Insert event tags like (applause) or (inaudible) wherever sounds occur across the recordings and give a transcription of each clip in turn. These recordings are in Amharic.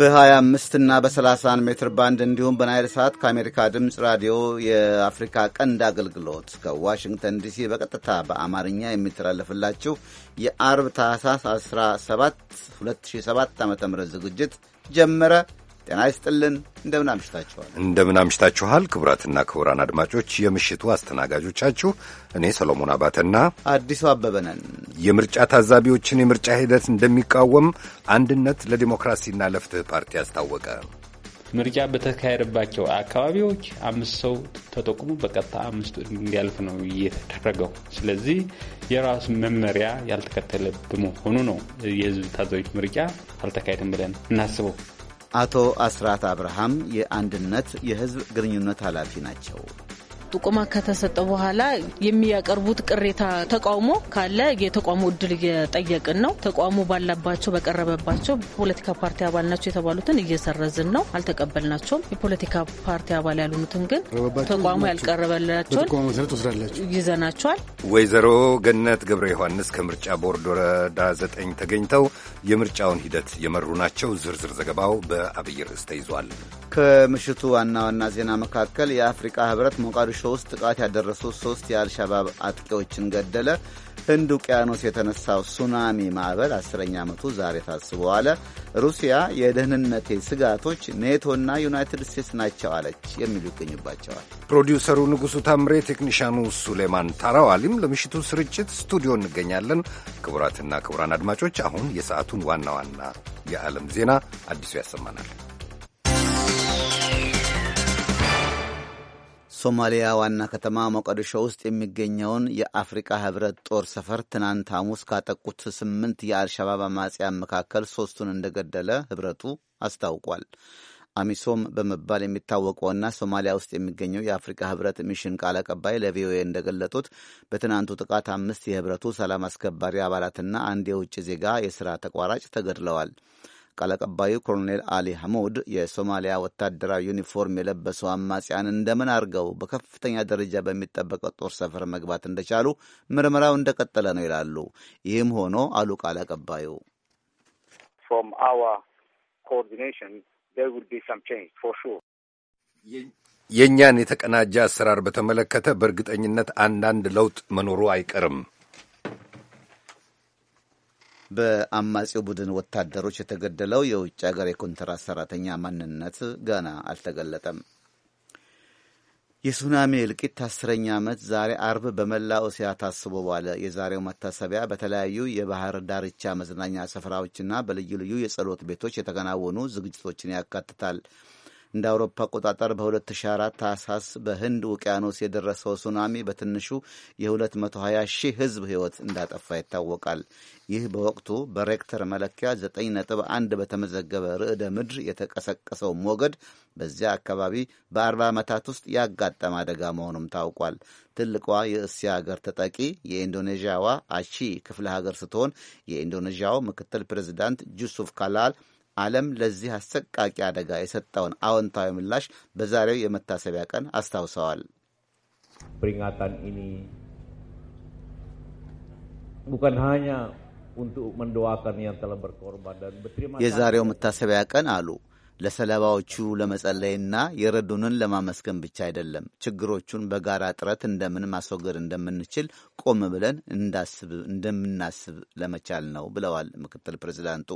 በ25 እና በ31 ሜትር ባንድ እንዲሁም በናይል ሰዓት ከአሜሪካ ድምፅ ራዲዮ የአፍሪካ ቀንድ አገልግሎት ከዋሽንግተን ዲሲ በቀጥታ በአማርኛ የሚተላለፍላችሁ የአርብ ታህሳስ 17 2007 ዓ.ም ዝግጅት ጀመረ። ጤና ይስጥልን። እንደምን አምሽታችኋል። እንደምን አምሽታችኋል ክቡራትና ክቡራን አድማጮች የምሽቱ አስተናጋጆቻችሁ እኔ ሰሎሞን አባተና አዲሱ አበበ ነን። የምርጫ ታዛቢዎችን የምርጫ ሂደት እንደሚቃወም አንድነት ለዲሞክራሲና ለፍትህ ፓርቲ አስታወቀ። ምርጫ በተካሄደባቸው አካባቢዎች አምስት ሰው ተጠቁሞ በቀጥታ አምስቱ እንዲያልፍ ነው እየተደረገው። ስለዚህ የራሱ መመሪያ ያልተከተለ በመሆኑ ነው የህዝብ ታዛቢዎች ምርጫ አልተካሄደም ብለን እናስበው። አቶ አስራት አብርሃም የአንድነት የህዝብ ግንኙነት ኃላፊ ናቸው። ጥቆማ ከተሰጠ በኋላ የሚያቀርቡት ቅሬታ ተቃውሞ ካለ የተቋሙ እድል እየጠየቅን ነው። ተቋሙ ባላባቸው በቀረበባቸው ፖለቲካ ፓርቲ አባል ናቸው የተባሉትን እየሰረዝን ነው። አልተቀበልናቸውም። የፖለቲካ ፓርቲ አባል ያልሆኑትን ግን ተቋሙ ያልቀረበላቸውን ይዘናቸዋል። ወይዘሮ ገነት ገብረ ዮሐንስ ከምርጫ ቦርድ ወረዳ ዘጠኝ ተገኝተው የምርጫውን ሂደት የመሩ ናቸው። ዝርዝር ዘገባው በአብይ ርዕስ ተይዟል። ከምሽቱ ዋና ዋና ዜና መካከል የአፍሪቃ ህብረት ሞቃዲሾ ሶስት ጥቃት ያደረሱ ሶስት የአልሻባብ አጥቂዎችን ገደለ። ህንድ ውቅያኖስ የተነሳው ሱናሚ ማዕበል አስረኛ ዓመቱ ዛሬ ታስቦ አለ። ሩሲያ የደህንነቴ ስጋቶች ኔቶና ዩናይትድ ስቴትስ ናቸው አለች። የሚሉ ይገኙባቸዋል። ፕሮዲውሰሩ ንጉሡ ታምሬ፣ ቴክኒሻኑ ሱሌማን ታራዋሊም ለምሽቱ ስርጭት ስቱዲዮ እንገኛለን። ክቡራትና ክቡራን አድማጮች አሁን የሰዓቱን ዋና ዋና የዓለም ዜና አዲሱ ያሰማናል። ሶማሊያ ዋና ከተማ ሞቃዲሾ ውስጥ የሚገኘውን የአፍሪቃ ህብረት ጦር ሰፈር ትናንት ሐሙስ ካጠቁት ስምንት የአልሸባብ አማጽያን መካከል ሦስቱን እንደገደለ ህብረቱ አስታውቋል። አሚሶም በመባል የሚታወቀውና ሶማሊያ ውስጥ የሚገኘው የአፍሪካ ህብረት ሚሽን ቃል አቀባይ ለቪኦኤ እንደገለጡት በትናንቱ ጥቃት አምስት የህብረቱ ሰላም አስከባሪ አባላትና አንድ የውጭ ዜጋ የሥራ ተቋራጭ ተገድለዋል። ቃል አቀባዩ ኮሎኔል አሊ ሐሙድ የሶማሊያ ወታደራዊ ዩኒፎርም የለበሱ አማጽያን እንደምን አድርገው በከፍተኛ ደረጃ በሚጠበቀው ጦር ሰፈር መግባት እንደቻሉ ምርመራው እንደቀጠለ ነው ይላሉ። ይህም ሆኖ አሉ ቃል አቀባዩ የእኛን የተቀናጀ አሰራር በተመለከተ በእርግጠኝነት አንዳንድ ለውጥ መኖሩ አይቀርም። በአማጺው ቡድን ወታደሮች የተገደለው የውጭ ሀገር የኮንትራት ሰራተኛ ማንነት ገና አልተገለጠም። የሱናሚ እልቂት አስረኛ ዓመት ዛሬ አርብ በመላ እስያ ታስቦ ዋለ። የዛሬው መታሰቢያ በተለያዩ የባህር ዳርቻ መዝናኛ ስፍራዎችና በልዩ ልዩ የጸሎት ቤቶች የተከናወኑ ዝግጅቶችን ያካትታል። እንደ አውሮፓ አቆጣጠር በ2004 ታህሳስ በህንድ ውቅያኖስ የደረሰው ሱናሚ በትንሹ የ220 ሺህ ህዝብ ህይወት እንዳጠፋ ይታወቃል። ይህ በወቅቱ በሬክተር መለኪያ 9.1 በተመዘገበ ርዕደ ምድር የተቀሰቀሰው ሞገድ በዚያ አካባቢ በ40 ዓመታት ውስጥ ያጋጠመ አደጋ መሆኑም ታውቋል። ትልቋ የእስያ ሀገር ተጠቂ የኢንዶኔዥያዋ አቺ ክፍለ ሀገር ስትሆን የኢንዶኔዥያው ምክትል ፕሬዚዳንት ጁሱፍ ካላል ዓለም ለዚህ አሰቃቂ አደጋ የሰጠውን አዎንታዊ ምላሽ በዛሬው የመታሰቢያ ቀን አስታውሰዋል። የዛሬው መታሰቢያ ቀን አሉ ለሰለባዎቹ ለመጸለይና የረዱንን ለማመስገን ብቻ አይደለም። ችግሮቹን በጋራ ጥረት እንደምን ማስወገድ እንደምንችል ቆም ብለን እንደምናስብ ለመቻል ነው ብለዋል ምክትል ፕሬዚዳንቱ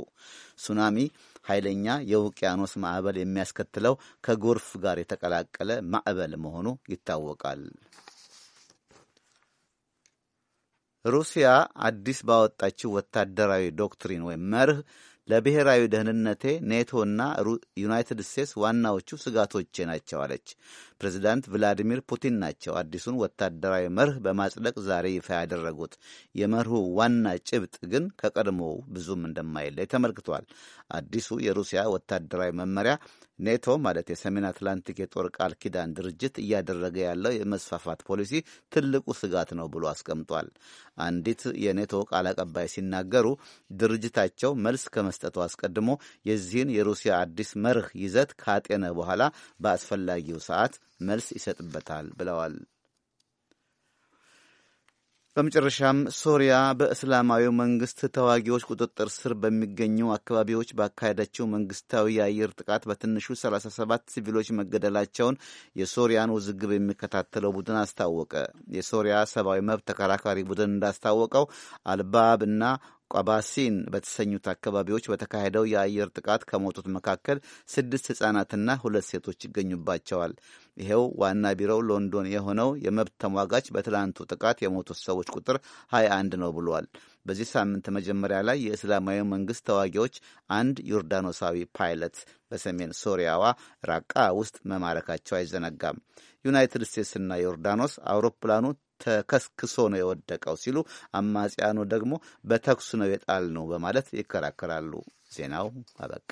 ሱናሚ ኃይለኛ የውቅያኖስ ማዕበል የሚያስከትለው ከጎርፍ ጋር የተቀላቀለ ማዕበል መሆኑ ይታወቃል። ሩሲያ አዲስ ባወጣችው ወታደራዊ ዶክትሪን ወይም መርህ ለብሔራዊ ደህንነቴ ኔቶና ዩናይትድ ስቴትስ ዋናዎቹ ስጋቶቼ ናቸው አለች። ፕሬዚዳንት ቭላዲሚር ፑቲን ናቸው አዲሱን ወታደራዊ መርህ በማጽደቅ ዛሬ ይፋ ያደረጉት። የመርሁ ዋና ጭብጥ ግን ከቀድሞው ብዙም እንደማይለይ ተመልክቷል። አዲሱ የሩሲያ ወታደራዊ መመሪያ ኔቶ ማለት የሰሜን አትላንቲክ የጦር ቃል ኪዳን ድርጅት እያደረገ ያለው የመስፋፋት ፖሊሲ ትልቁ ስጋት ነው ብሎ አስቀምጧል። አንዲት የኔቶ ቃል አቀባይ ሲናገሩ ድርጅታቸው መልስ ከመስጠቱ አስቀድሞ የዚህን የሩሲያ አዲስ መርህ ይዘት ካጤነ በኋላ በአስፈላጊው ሰዓት መልስ ይሰጥበታል ብለዋል። በመጨረሻም ሶሪያ በእስላማዊ መንግስት ተዋጊዎች ቁጥጥር ስር በሚገኙ አካባቢዎች ባካሄደችው መንግስታዊ የአየር ጥቃት በትንሹ 37 ሲቪሎች መገደላቸውን የሶሪያን ውዝግብ የሚከታተለው ቡድን አስታወቀ። የሶሪያ ሰብአዊ መብት ተከራካሪ ቡድን እንዳስታወቀው አልባብ እና ቋባሲን በተሰኙት አካባቢዎች በተካሄደው የአየር ጥቃት ከሞቱት መካከል ስድስት ሕፃናትና ሁለት ሴቶች ይገኙባቸዋል። ይኸው ዋና ቢሮው ሎንዶን የሆነው የመብት ተሟጋች በትላንቱ ጥቃት የሞቱት ሰዎች ቁጥር 21 ነው ብሏል። በዚህ ሳምንት መጀመሪያ ላይ የእስላማዊ መንግሥት ተዋጊዎች አንድ ዮርዳኖሳዊ ፓይለት በሰሜን ሶሪያዋ ራቃ ውስጥ መማረካቸው አይዘነጋም። ዩናይትድ ስቴትስና ዮርዳኖስ አውሮፕላኑ ተከስክሶ ነው የወደቀው ሲሉ፣ አማጽያኑ ደግሞ በተኩስ ነው የጣል ነው በማለት ይከራከራሉ። ዜናው አበቃ።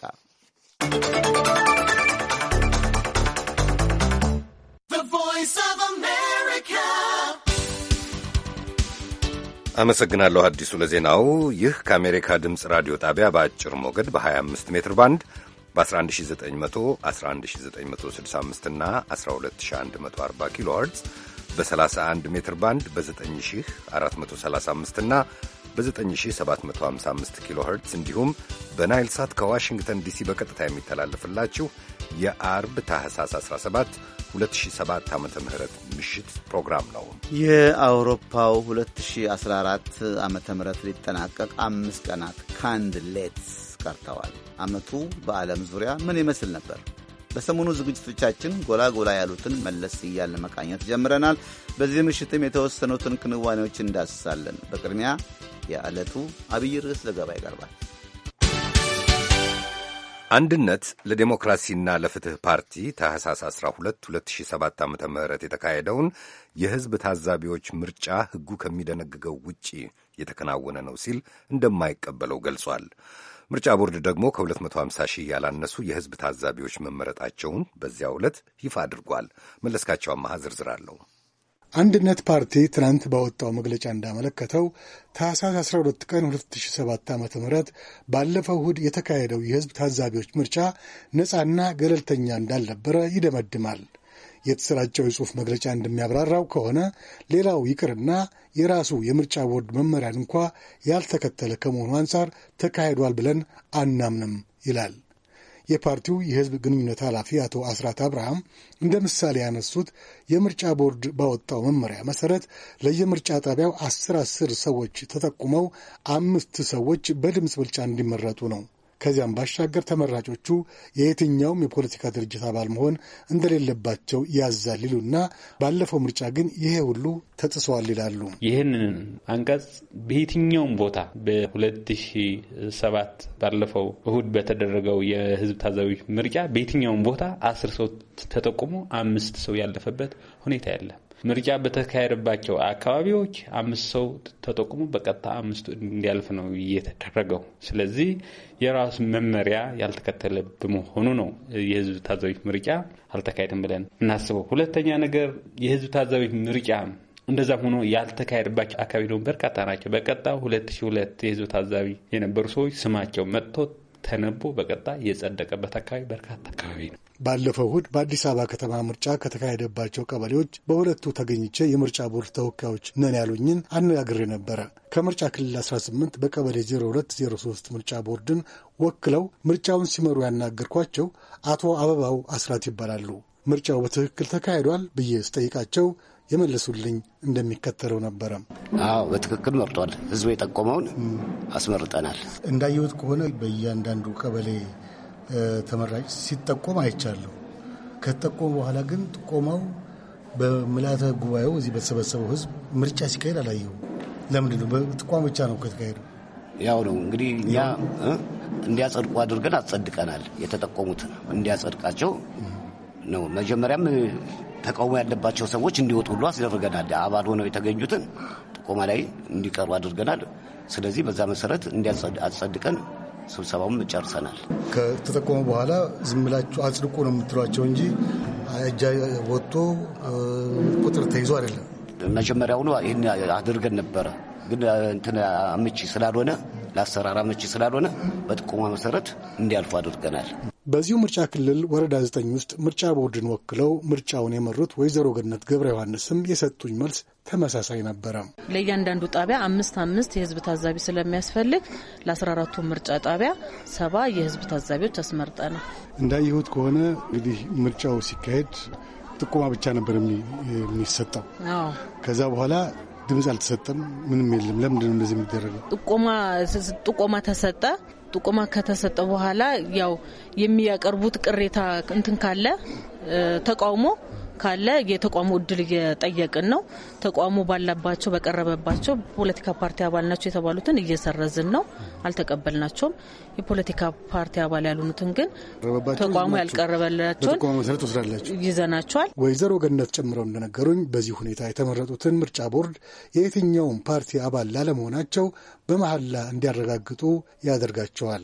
አመሰግናለሁ አዲሱ ለዜናው። ይህ ከአሜሪካ ድምፅ ራዲዮ ጣቢያ በአጭር ሞገድ በ25 ሜትር ባንድ በ 11911965 11965 እና 12140 ኪሎ ኸርትዝ በ31 ሜትር ባንድ በ9435 እና በ9755 ኪሎ ኸርትዝ እንዲሁም በናይል ሳት ከዋሽንግተን ዲሲ በቀጥታ የሚተላለፍላችሁ የአርብ ታህሳስ 17 2007 ዓ ም ምሽት ፕሮግራም ነው። የአውሮፓው 2014 ዓ ምህረት ሊጠናቀቅ አምስት ቀናት ካንድ ሌትስ ቀርተዋል። ዓመቱ በዓለም ዙሪያ ምን ይመስል ነበር? በሰሞኑ ዝግጅቶቻችን ጎላ ጎላ ያሉትን መለስ እያለ መቃኘት ጀምረናል። በዚህ ምሽትም የተወሰኑትን ክንዋኔዎች እንዳስሳለን። በቅድሚያ የዕለቱ አብይ ርዕስ ዘገባ ይቀርባል። አንድነት ለዴሞክራሲና ለፍትህ ፓርቲ ታህሳስ 12 2007 ዓ ም የተካሄደውን የሕዝብ ታዛቢዎች ምርጫ ሕጉ ከሚደነግገው ውጪ የተከናወነ ነው ሲል እንደማይቀበለው ገልጿል። ምርጫ ቦርድ ደግሞ ከ250 ሺህ ያላነሱ የህዝብ ታዛቢዎች መመረጣቸውን በዚያ ዕለት ይፋ አድርጓል። መለስካቸው አማሃ ዝርዝር አለው። አንድነት ፓርቲ ትናንት ባወጣው መግለጫ እንዳመለከተው ታህሳስ 12 ቀን 2007 ዓ ም ባለፈው እሁድ የተካሄደው የህዝብ ታዛቢዎች ምርጫ ነፃና ገለልተኛ እንዳልነበረ ይደመድማል። የተሰራጨው የጽሑፍ መግለጫ እንደሚያብራራው ከሆነ ሌላው ይቅርና የራሱ የምርጫ ቦርድ መመሪያን እንኳ ያልተከተለ ከመሆኑ አንጻር ተካሂዷል ብለን አናምንም ይላል። የፓርቲው የሕዝብ ግንኙነት ኃላፊ አቶ አስራት አብርሃም እንደ ምሳሌ ያነሱት የምርጫ ቦርድ ባወጣው መመሪያ መሰረት ለየምርጫ ጣቢያው አስር አስር ሰዎች ተጠቁመው አምስት ሰዎች በድምፅ ብልጫ እንዲመረጡ ነው። ከዚያም ባሻገር ተመራጮቹ የየትኛውም የፖለቲካ ድርጅት አባል መሆን እንደሌለባቸው ያዛል ይሉና ባለፈው ምርጫ ግን ይሄ ሁሉ ተጥሰዋል ይላሉ። ይህንን አንቀጽ በየትኛውም ቦታ በ2007 ባለፈው እሁድ በተደረገው የህዝብ ታዛቢ ምርጫ በየትኛውም ቦታ አስር ሰው ተጠቁሞ አምስት ሰው ያለፈበት ሁኔታ ያለ ምርጫ በተካሄደባቸው አካባቢዎች አምስት ሰው ተጠቁሞ በቀጥታ አምስቱ እንዲያልፍ ነው እየተደረገው። ስለዚህ የራሱ መመሪያ ያልተከተለ በመሆኑ ነው የህዝብ ታዛቢዎች ምርጫ አልተካሄድም ብለን እናስበው። ሁለተኛ ነገር የህዝብ ታዛቢዎች ምርጫ እንደዛም ሆኖ ያልተካሄደባቸው አካባቢ ደግሞ በርካታ ናቸው። በቀጣ ሁለት ሺህ ሁለት የህዝብ ታዛቢ የነበሩ ሰዎች ስማቸው መጥቶ ተነቦ በቀጣይ የጸደቀበት አካባቢ በርካታ አካባቢ ነው። ባለፈው እሁድ በአዲስ አበባ ከተማ ምርጫ ከተካሄደባቸው ቀበሌዎች በሁለቱ ተገኝቼ የምርጫ ቦርድ ተወካዮች ነን ያሉኝን አነጋግሬ ነበረ። ከምርጫ ክልል 18 በቀበሌ 0203 ምርጫ ቦርድን ወክለው ምርጫውን ሲመሩ ያናገርኳቸው አቶ አበባው አስራት ይባላሉ። ምርጫው በትክክል ተካሂዷል ብዬ ስጠይቃቸው የመለሱልኝ እንደሚከተለው ነበረ። አዎ በትክክል መርጧል። ህዝቡ የጠቆመውን አስመርጠናል። እንዳየሁት ከሆነ በእያንዳንዱ ቀበሌ ተመራጭ ሲጠቆም አይቻለሁ። ከተጠቆመ በኋላ ግን ጥቆማው በምላተ ጉባኤው እዚህ በተሰበሰበው ህዝብ ምርጫ ሲካሄድ አላየሁ ለምንድን ነው? በጥቋም ብቻ ነው ከተካሄዱ ያው ነው እንግዲህ እኛ እንዲያጸድቁ አድርገን አጸድቀናል። የተጠቆሙት እንዲያጸድቃቸው ነው። መጀመሪያም ተቃውሞ ያለባቸው ሰዎች እንዲወጡ ሁሉ አስደርገናል። አባል ሆነው የተገኙትን ጥቆማ ላይ እንዲቀሩ አድርገናል። ስለዚህ በዛ መሰረት እንዲያጸድቀን ስብሰባውም ጨርሰናል። ከተጠቆመ በኋላ ዝም ብላችሁ አጽድቁ ነው የምትሏቸው እንጂ እጃ ወጥቶ ቁጥር ተይዞ አይደለም። መጀመሪያውኑ ይህን አድርገን ነበረ፣ ግን እንትን አምቺ ስላልሆነ ለአሰራር አመቺ ስላልሆነ በጥቆማ መሰረት እንዲያልፉ አድርገናል። በዚሁ ምርጫ ክልል ወረዳ ዘጠኝ ውስጥ ምርጫ ቦርድን ወክለው ምርጫውን የመሩት ወይዘሮ ገነት ገብረ ዮሐንስም የሰጡኝ መልስ ተመሳሳይ ነበረ። ለእያንዳንዱ ጣቢያ አምስት አምስት የህዝብ ታዛቢ ስለሚያስፈልግ ለ14ቱ ምርጫ ጣቢያ ሰባ የህዝብ ታዛቢዎች አስመርጠናል። እንዳየሁት ከሆነ እንግዲህ ምርጫው ሲካሄድ ጥቁማ ብቻ ነበር የሚሰጠው። ከዛ በኋላ ድምፅ አልተሰጠም፣ ምንም የለም። ለምንድነው እንደዚህ የሚደረገው? ጥቆማ ተሰጠ። ጥቆማ ከተሰጠ በኋላ ያው የሚያቀርቡት ቅሬታ እንትን ካለ ተቃውሞ ካለ የተቋሙ እድል እየጠየቅን ነው። ተቋሙ ባለባቸው በቀረበባቸው ፖለቲካ ፓርቲ አባል ናቸው የተባሉትን እየሰረዝን ነው። አልተቀበልናቸውም። የፖለቲካ ፓርቲ አባል ያልሆኑትን ግን ተቋሙ ያልቀረበላቸውን ይዘናቸዋል። ወይዘሮ ገነት ጨምረው እንደነገሩኝ በዚህ ሁኔታ የተመረጡትን ምርጫ ቦርድ የየትኛውም ፓርቲ አባል ላለመሆናቸው በመሐላ እንዲያረጋግጡ ያደርጋቸዋል።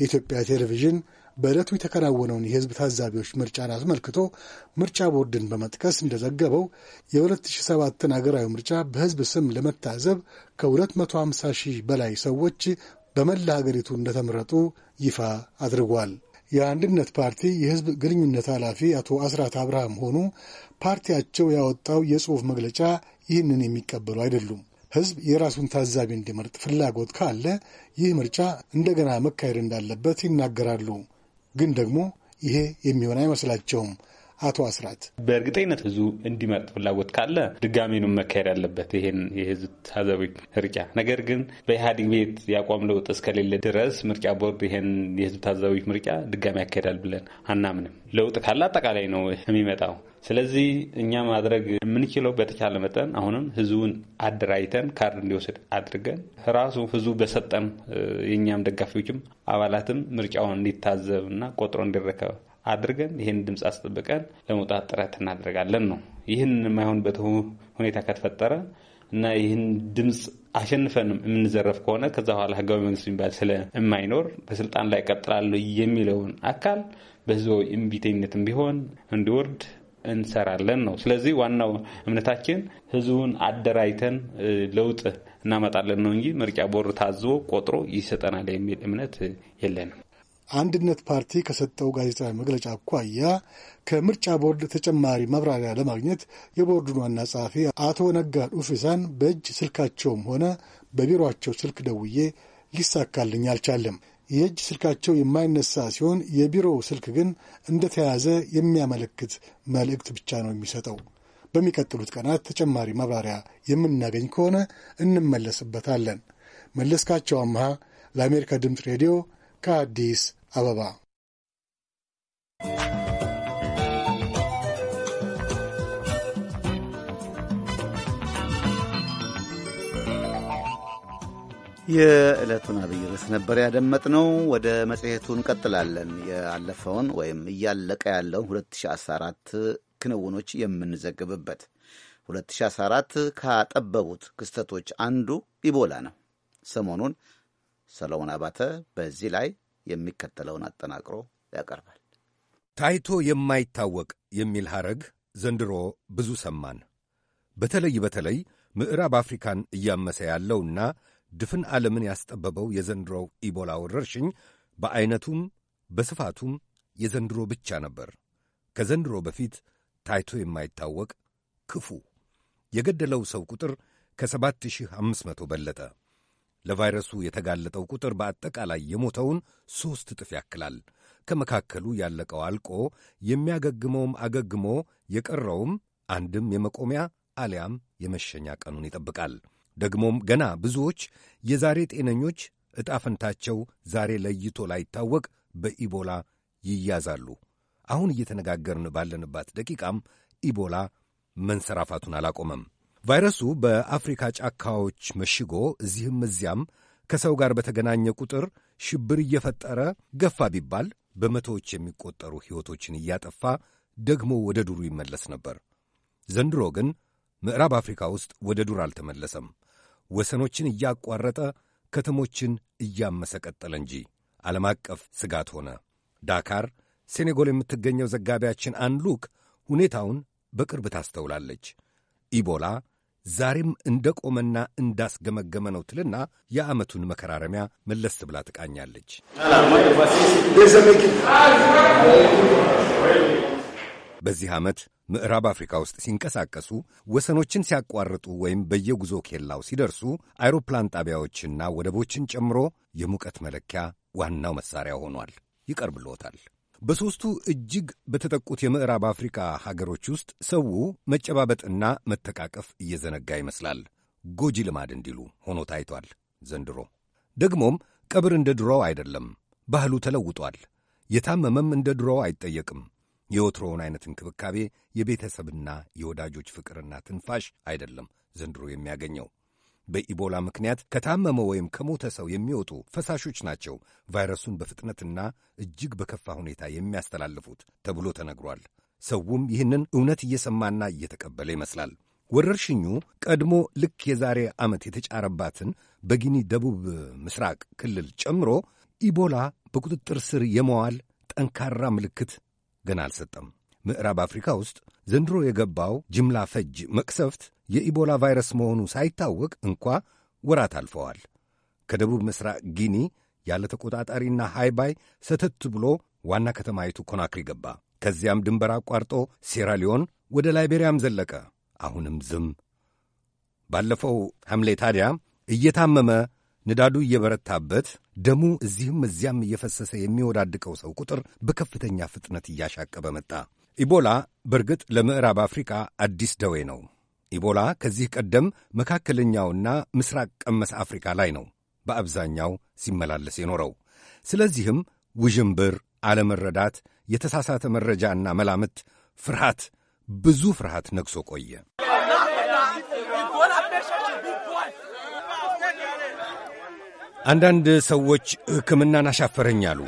የኢትዮጵያ ቴሌቪዥን በዕለቱ የተከናወነውን የህዝብ ታዛቢዎች ምርጫን አስመልክቶ ምርጫ ቦርድን በመጥቀስ እንደዘገበው የ2007ን አገራዊ ምርጫ በህዝብ ስም ለመታዘብ ከ250 ሺህ በላይ ሰዎች በመላ ሀገሪቱ እንደተመረጡ ይፋ አድርጓል። የአንድነት ፓርቲ የህዝብ ግንኙነት ኃላፊ አቶ አስራት አብርሃም ሆኑ ፓርቲያቸው ያወጣው የጽሑፍ መግለጫ ይህንን የሚቀበሉ አይደሉም። ህዝብ የራሱን ታዛቢ እንዲመርጥ ፍላጎት ካለ ይህ ምርጫ እንደገና መካሄድ እንዳለበት ይናገራሉ። ግን ደግሞ ይሄ የሚሆን አይመስላቸውም። አቶ አስራት በእርግጠኝነት ህዝቡ እንዲመርጥ ፍላጎት ካለ ድጋሜ ነው መካሄድ አለበት ይሄን የህዝብ ታዘቢ ምርጫ። ነገር ግን በኢህአዴግ ቤት የአቋም ለውጥ እስከሌለ ድረስ ምርጫ ቦርድ ይሄን የህዝብ ታዘቢ ምርጫ ድጋሜ ያካሄዳል ብለን አናምንም። ለውጥ ካለ አጠቃላይ ነው የሚመጣው። ስለዚህ እኛ ማድረግ የምንችለው በተቻለ መጠን አሁንም ህዝቡን አደራጅተን ካርድ እንዲወስድ አድርገን ራሱ ህዝቡ በሰጠን የእኛም ደጋፊዎችም አባላትም ምርጫውን እንዲታዘብና ቆጥሮ እንዲረከብ አድርገን ይህን ድምፅ አስጠብቀን ለመውጣት ጥረት እናደርጋለን ነው። ይህን የማይሆንበት ሁኔታ ከተፈጠረ እና ይህን ድምፅ አሸንፈንም የምንዘረፍ ከሆነ ከዛ በኋላ ህጋዊ መንግስት የሚባል የማይኖር በስልጣን ላይ ቀጥላሉ የሚለውን አካል በህዝባዊ እምቢተኝነትም ቢሆን እንዲወርድ እንሰራለን ነው። ስለዚህ ዋናው እምነታችን ህዝቡን አደራጅተን ለውጥ እናመጣለን ነው እንጂ ምርጫ ቦርድ ታዝቦ ቆጥሮ ይሰጠናል የሚል እምነት የለንም። አንድነት ፓርቲ ከሰጠው ጋዜጣዊ መግለጫ አኳያ ከምርጫ ቦርድ ተጨማሪ ማብራሪያ ለማግኘት የቦርዱን ዋና ጸሐፊ አቶ ነጋ ዱፊሳን በእጅ ስልካቸውም ሆነ በቢሮቸው ስልክ ደውዬ ሊሳካልኝ አልቻለም። የእጅ ስልካቸው የማይነሳ ሲሆን የቢሮው ስልክ ግን እንደተያዘ የሚያመለክት መልእክት ብቻ ነው የሚሰጠው። በሚቀጥሉት ቀናት ተጨማሪ ማብራሪያ የምናገኝ ከሆነ እንመለስበታለን። መለስካቸው አምሃ ለአሜሪካ ድምፅ ሬዲዮ ከአዲስ አበባ የዕለቱን አብይ ርዕስ ነበር ያደመጥነው። ወደ መጽሔቱ እንቀጥላለን። ያለፈውን ወይም እያለቀ ያለውን 2014 ክንውኖች የምንዘግብበት 2014 ካጠበቡት ክስተቶች አንዱ ኢቦላ ነው። ሰሞኑን ሰለሞን አባተ በዚህ ላይ የሚከተለውን አጠናቅሮ ያቀርባል። ታይቶ የማይታወቅ የሚል ሐረግ ዘንድሮ ብዙ ሰማን። በተለይ በተለይ ምዕራብ አፍሪካን እያመሰ ያለውና ድፍን ዓለምን ያስጠበበው የዘንድሮው ኢቦላ ወረርሽኝ በዐይነቱም በስፋቱም የዘንድሮ ብቻ ነበር። ከዘንድሮ በፊት ታይቶ የማይታወቅ ክፉ የገደለው ሰው ቁጥር ከ7500 በለጠ። ለቫይረሱ የተጋለጠው ቁጥር በአጠቃላይ የሞተውን ሦስት እጥፍ ያክላል። ከመካከሉ ያለቀው አልቆ የሚያገግመውም አገግሞ የቀረውም አንድም የመቆሚያ አሊያም የመሸኛ ቀኑን ይጠብቃል። ደግሞም ገና ብዙዎች የዛሬ ጤነኞች እጣፈንታቸው ዛሬ ለይቶ ላይታወቅ በኢቦላ ይያዛሉ። አሁን እየተነጋገርን ባለንባት ደቂቃም ኢቦላ መንሰራፋቱን አላቆመም። ቫይረሱ በአፍሪካ ጫካዎች መሽጎ እዚህም እዚያም ከሰው ጋር በተገናኘ ቁጥር ሽብር እየፈጠረ ገፋ ቢባል በመቶዎች የሚቆጠሩ ሕይወቶችን እያጠፋ ደግሞ ወደ ዱሩ ይመለስ ነበር። ዘንድሮ ግን ምዕራብ አፍሪካ ውስጥ ወደ ዱር አልተመለሰም። ወሰኖችን እያቋረጠ ከተሞችን እያመሰ ቀጠለ እንጂ ዓለም አቀፍ ስጋት ሆነ። ዳካር ሴኔጎል የምትገኘው ዘጋቢያችን አንሉክ ሁኔታውን በቅርብ ታስተውላለች። ኢቦላ ዛሬም እንደቆመና እንዳስገመገመ ነው ትልና የዓመቱን መከራረሚያ መለስ ብላ ትቃኛለች። በዚህ ዓመት ምዕራብ አፍሪካ ውስጥ ሲንቀሳቀሱ ወሰኖችን ሲያቋርጡ ወይም በየጉዞ ኬላው ሲደርሱ አይሮፕላን ጣቢያዎችና ወደቦችን ጨምሮ የሙቀት መለኪያ ዋናው መሳሪያ ሆኗል። ይቀርብልዎታል። በሦስቱ እጅግ በተጠቁት የምዕራብ አፍሪካ ሀገሮች ውስጥ ሰው መጨባበጥና መተቃቀፍ እየዘነጋ ይመስላል። ጎጂ ልማድ እንዲሉ ሆኖ ታይቷል። ዘንድሮ ደግሞም ቀብር እንደ ድሮው አይደለም። ባህሉ ተለውጧል። የታመመም እንደ ድሮው አይጠየቅም። የወትሮውን አይነት እንክብካቤ፣ የቤተሰብና የወዳጆች ፍቅርና ትንፋሽ አይደለም ዘንድሮ የሚያገኘው። በኢቦላ ምክንያት ከታመመ ወይም ከሞተ ሰው የሚወጡ ፈሳሾች ናቸው ቫይረሱን በፍጥነትና እጅግ በከፋ ሁኔታ የሚያስተላልፉት ተብሎ ተነግሯል። ሰውም ይህንን እውነት እየሰማና እየተቀበለ ይመስላል። ወረርሽኙ ቀድሞ ልክ የዛሬ ዓመት የተጫረባትን በጊኒ ደቡብ ምስራቅ ክልል ጨምሮ ኢቦላ በቁጥጥር ስር የመዋል ጠንካራ ምልክት ገና አልሰጠም። ምዕራብ አፍሪካ ውስጥ ዘንድሮ የገባው ጅምላ ፈጅ መቅሰፍት የኢቦላ ቫይረስ መሆኑ ሳይታወቅ እንኳ ወራት አልፈዋል። ከደቡብ ምስራቅ ጊኒ ያለ ተቆጣጣሪና ሃይባይ ሰተት ብሎ ዋና ከተማይቱ ኮናክሪ ገባ። ከዚያም ድንበር አቋርጦ ሴራሊዮን ወደ ላይቤሪያም ዘለቀ። አሁንም ዝም። ባለፈው ሐምሌ ታዲያ እየታመመ ንዳዱ እየበረታበት ደሙ እዚህም እዚያም እየፈሰሰ የሚወዳድቀው ሰው ቁጥር በከፍተኛ ፍጥነት እያሻቀበ መጣ። ኢቦላ በእርግጥ ለምዕራብ አፍሪካ አዲስ ደዌ ነው። ኢቦላ ከዚህ ቀደም መካከለኛውና ምስራቅ ቀመስ አፍሪካ ላይ ነው በአብዛኛው ሲመላለስ የኖረው። ስለዚህም ውዥንብር፣ አለመረዳት፣ የተሳሳተ መረጃና መላምት፣ ፍርሃት፣ ብዙ ፍርሃት ነግሶ ቆየ። አንዳንድ ሰዎች ሕክምናን አሻፈረኝ አሉ።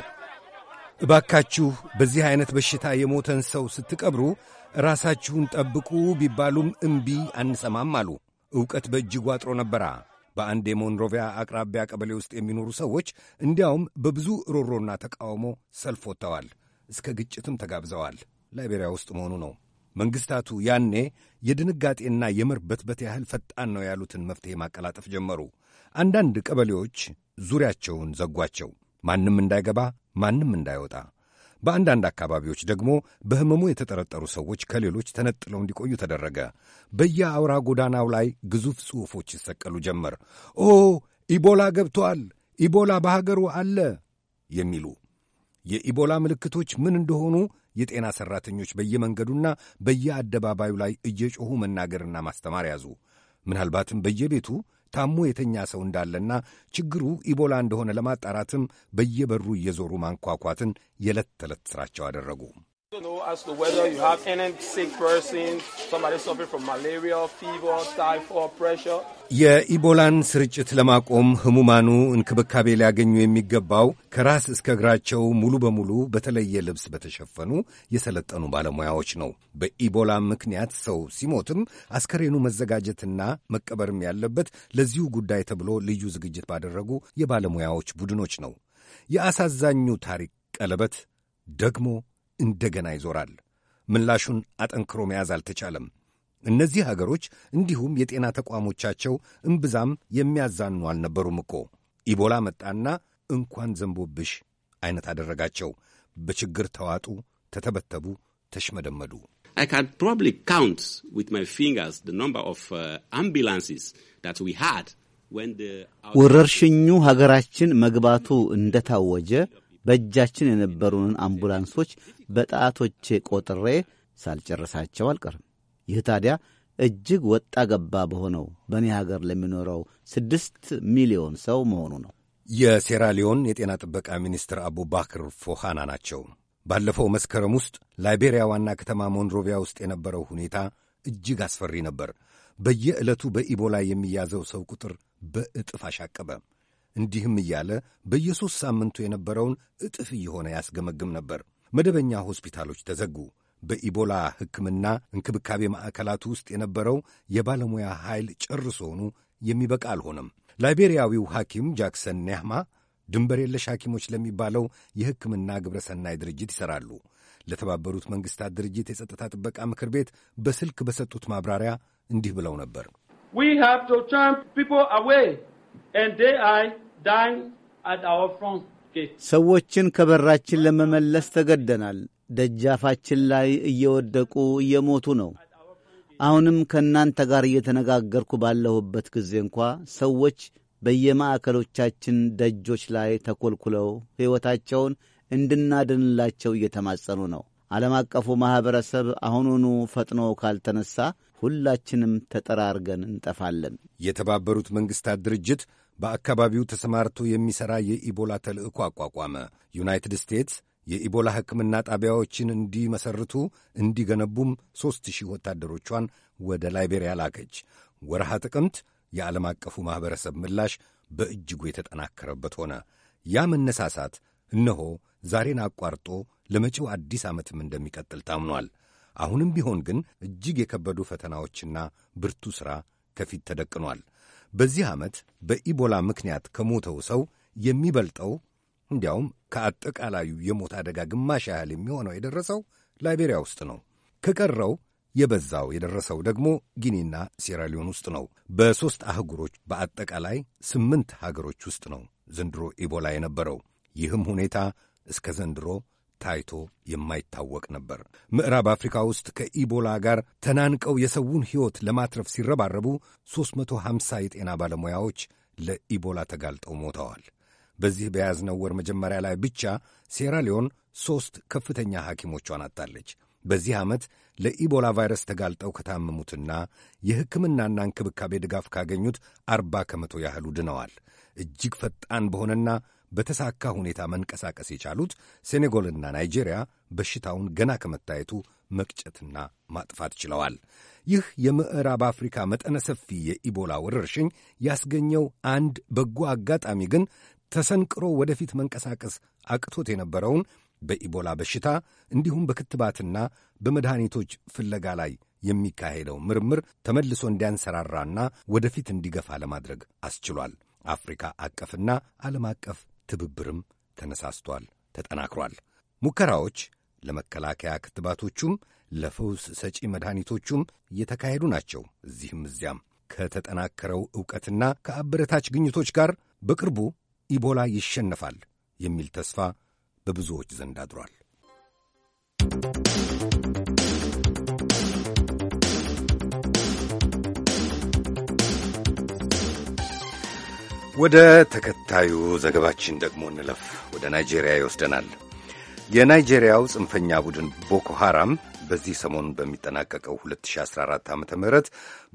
እባካችሁ በዚህ ዐይነት በሽታ የሞተን ሰው ስትቀብሩ ራሳችሁን ጠብቁ ቢባሉም እምቢ አንሰማም አሉ። ዕውቀት በእጅጉ አጥሮ ነበራ። በአንድ የሞንሮቪያ አቅራቢያ ቀበሌ ውስጥ የሚኖሩ ሰዎች እንዲያውም በብዙ ሮሮና ተቃውሞ ሰልፍ ወጥተዋል። እስከ ግጭትም ተጋብዘዋል። ላይቤሪያ ውስጥ መሆኑ ነው። መንግሥታቱ ያኔ የድንጋጤና የመርበትበት ያህል ፈጣን ነው ያሉትን መፍትሔ ማቀላጠፍ ጀመሩ። አንዳንድ ቀበሌዎች ዙሪያቸውን ዘጓቸው። ማንም እንዳይገባ፣ ማንም እንዳይወጣ፣ በአንዳንድ አካባቢዎች ደግሞ በሕመሙ የተጠረጠሩ ሰዎች ከሌሎች ተነጥለው እንዲቆዩ ተደረገ። በየአውራ ጎዳናው ላይ ግዙፍ ጽሑፎች ይሰቀሉ ጀመር። ኦ ኢቦላ ገብቷል፣ ኢቦላ በሀገሩ አለ የሚሉ የኢቦላ ምልክቶች ምን እንደሆኑ የጤና ሠራተኞች በየመንገዱና በየአደባባዩ ላይ እየጮኹ መናገርና ማስተማር ያዙ። ምናልባትም በየቤቱ ታሞ የተኛ ሰው እንዳለና ችግሩ ኢቦላ እንደሆነ ለማጣራትም በየበሩ እየዞሩ ማንኳኳትን የዕለት ተዕለት ሥራቸው አደረጉ። know as to whether you have any sick person, somebody suffering from malaria, fever, typhoid, pressure. የኢቦላን ስርጭት ለማቆም ህሙማኑ እንክብካቤ ሊያገኙ የሚገባው ከራስ እስከ እግራቸው ሙሉ በሙሉ በተለየ ልብስ በተሸፈኑ የሰለጠኑ ባለሙያዎች ነው። በኢቦላ ምክንያት ሰው ሲሞትም አስከሬኑ መዘጋጀትና መቀበርም ያለበት ለዚሁ ጉዳይ ተብሎ ልዩ ዝግጅት ባደረጉ የባለሙያዎች ቡድኖች ነው። የአሳዛኙ ታሪክ ቀለበት ደግሞ እንደገና ይዞራል። ምላሹን አጠንክሮ መያዝ አልተቻለም። እነዚህ ሀገሮች እንዲሁም የጤና ተቋሞቻቸው እምብዛም የሚያዛኑ አልነበሩም እኮ ኢቦላ መጣና እንኳን ዘንቦብሽ አይነት አደረጋቸው። በችግር ተዋጡ፣ ተተበተቡ፣ ተሽመደመዱ። uh, ወረርሽኙ ሀገራችን መግባቱ እንደታወጀ በእጃችን የነበሩንን አምቡላንሶች በጣቶቼ ቆጥሬ ሳልጨርሳቸው አልቀርም። ይህ ታዲያ እጅግ ወጣ ገባ በሆነው በእኔ ሀገር ለሚኖረው ስድስት ሚሊዮን ሰው መሆኑ ነው። የሴራሊዮን የጤና ጥበቃ ሚኒስትር አቡባክር ፎሃና ናቸው። ባለፈው መስከረም ውስጥ ላይቤሪያ ዋና ከተማ ሞንሮቪያ ውስጥ የነበረው ሁኔታ እጅግ አስፈሪ ነበር። በየዕለቱ በኢቦላ የሚያዘው ሰው ቁጥር በእጥፍ አሻቀበ። እንዲህም እያለ በየሦስት ሳምንቱ የነበረውን እጥፍ እየሆነ ያስገመግም ነበር። መደበኛ ሆስፒታሎች ተዘጉ። በኢቦላ ሕክምና እንክብካቤ ማዕከላት ውስጥ የነበረው የባለሙያ ኃይል ጨርሶውኑ የሚበቃ አልሆነም። ላይቤሪያዊው ሐኪም ጃክሰን ኔህማ ድንበር የለሽ ሐኪሞች ለሚባለው የሕክምና ሰናይ ድርጅት ይሠራሉ። ለተባበሩት መንግሥታት ድርጅት የጸጥታ ጥበቃ ምክር ቤት በስልክ በሰጡት ማብራሪያ እንዲህ ብለው ነበር። ሰዎችን ከበራችን ለመመለስ ተገደናል። ደጃፋችን ላይ እየወደቁ እየሞቱ ነው። አሁንም ከእናንተ ጋር እየተነጋገርኩ ባለሁበት ጊዜ እንኳ ሰዎች በየማዕከሎቻችን ደጆች ላይ ተኰልኩለው ሕይወታቸውን እንድናድንላቸው እየተማጸኑ ነው። ዓለም አቀፉ ማኅበረሰብ አሁኑኑ ፈጥኖ ካልተነሣ ሁላችንም ተጠራርገን እንጠፋለን። የተባበሩት መንግሥታት ድርጅት በአካባቢው ተሰማርቶ የሚሠራ የኢቦላ ተልዕኮ አቋቋመ። ዩናይትድ ስቴትስ የኢቦላ ሕክምና ጣቢያዎችን እንዲመሰርቱ እንዲገነቡም ሦስት ሺህ ወታደሮቿን ወደ ላይቤሪያ ላከች። ወርሃ ጥቅምት የዓለም አቀፉ ማኅበረሰብ ምላሽ በእጅጉ የተጠናከረበት ሆነ። ያ መነሳሳት እነሆ ዛሬን አቋርጦ ለመጪው አዲስ ዓመትም እንደሚቀጥል ታምኗል። አሁንም ቢሆን ግን እጅግ የከበዱ ፈተናዎችና ብርቱ ሥራ ከፊት ተደቅኗል። በዚህ ዓመት በኢቦላ ምክንያት ከሞተው ሰው የሚበልጠው እንዲያውም ከአጠቃላዩ የሞት አደጋ ግማሽ ያህል የሚሆነው የደረሰው ላይቤሪያ ውስጥ ነው። ከቀረው የበዛው የደረሰው ደግሞ ጊኒና ሴራሊዮን ውስጥ ነው። በሦስት አህጉሮች በአጠቃላይ ስምንት ሀገሮች ውስጥ ነው ዘንድሮ ኢቦላ የነበረው። ይህም ሁኔታ እስከ ዘንድሮ ታይቶ የማይታወቅ ነበር። ምዕራብ አፍሪካ ውስጥ ከኢቦላ ጋር ተናንቀው የሰውን ሕይወት ለማትረፍ ሲረባረቡ 350 የጤና ባለሙያዎች ለኢቦላ ተጋልጠው ሞተዋል። በዚህ በያዝነው ወር መጀመሪያ ላይ ብቻ ሴራሊዮን ሦስት ከፍተኛ ሐኪሞቿን አጣለች። በዚህ ዓመት ለኢቦላ ቫይረስ ተጋልጠው ከታመሙትና የሕክምናና እንክብካቤ ድጋፍ ካገኙት አርባ ከመቶ ያህሉ ድነዋል። እጅግ ፈጣን በሆነና በተሳካ ሁኔታ መንቀሳቀስ የቻሉት ሴኔጎልና ናይጄሪያ በሽታውን ገና ከመታየቱ መቅጨትና ማጥፋት ችለዋል። ይህ የምዕራብ አፍሪካ መጠነ ሰፊ የኢቦላ ወረርሽኝ ያስገኘው አንድ በጎ አጋጣሚ ግን ተሰንቅሮ ወደፊት መንቀሳቀስ አቅቶት የነበረውን በኢቦላ በሽታ እንዲሁም በክትባትና በመድኃኒቶች ፍለጋ ላይ የሚካሄደው ምርምር ተመልሶ እንዲያንሰራራና ወደፊት እንዲገፋ ለማድረግ አስችሏል። አፍሪካ አቀፍና ዓለም አቀፍ ትብብርም ተነሳስቷል፣ ተጠናክሯል። ሙከራዎች ለመከላከያ ክትባቶቹም ለፈውስ ሰጪ መድኃኒቶቹም እየተካሄዱ ናቸው። እዚህም እዚያም ከተጠናከረው ዕውቀትና ከአበረታች ግኝቶች ጋር በቅርቡ ኢቦላ ይሸነፋል የሚል ተስፋ በብዙዎች ዘንድ አድሯል። ወደ ተከታዩ ዘገባችን ደግሞ እንለፍ። ወደ ናይጄሪያ ይወስደናል። የናይጄሪያው ጽንፈኛ ቡድን ቦኮ በዚህ ሰሞን በሚጠናቀቀው 2014 ዓ ም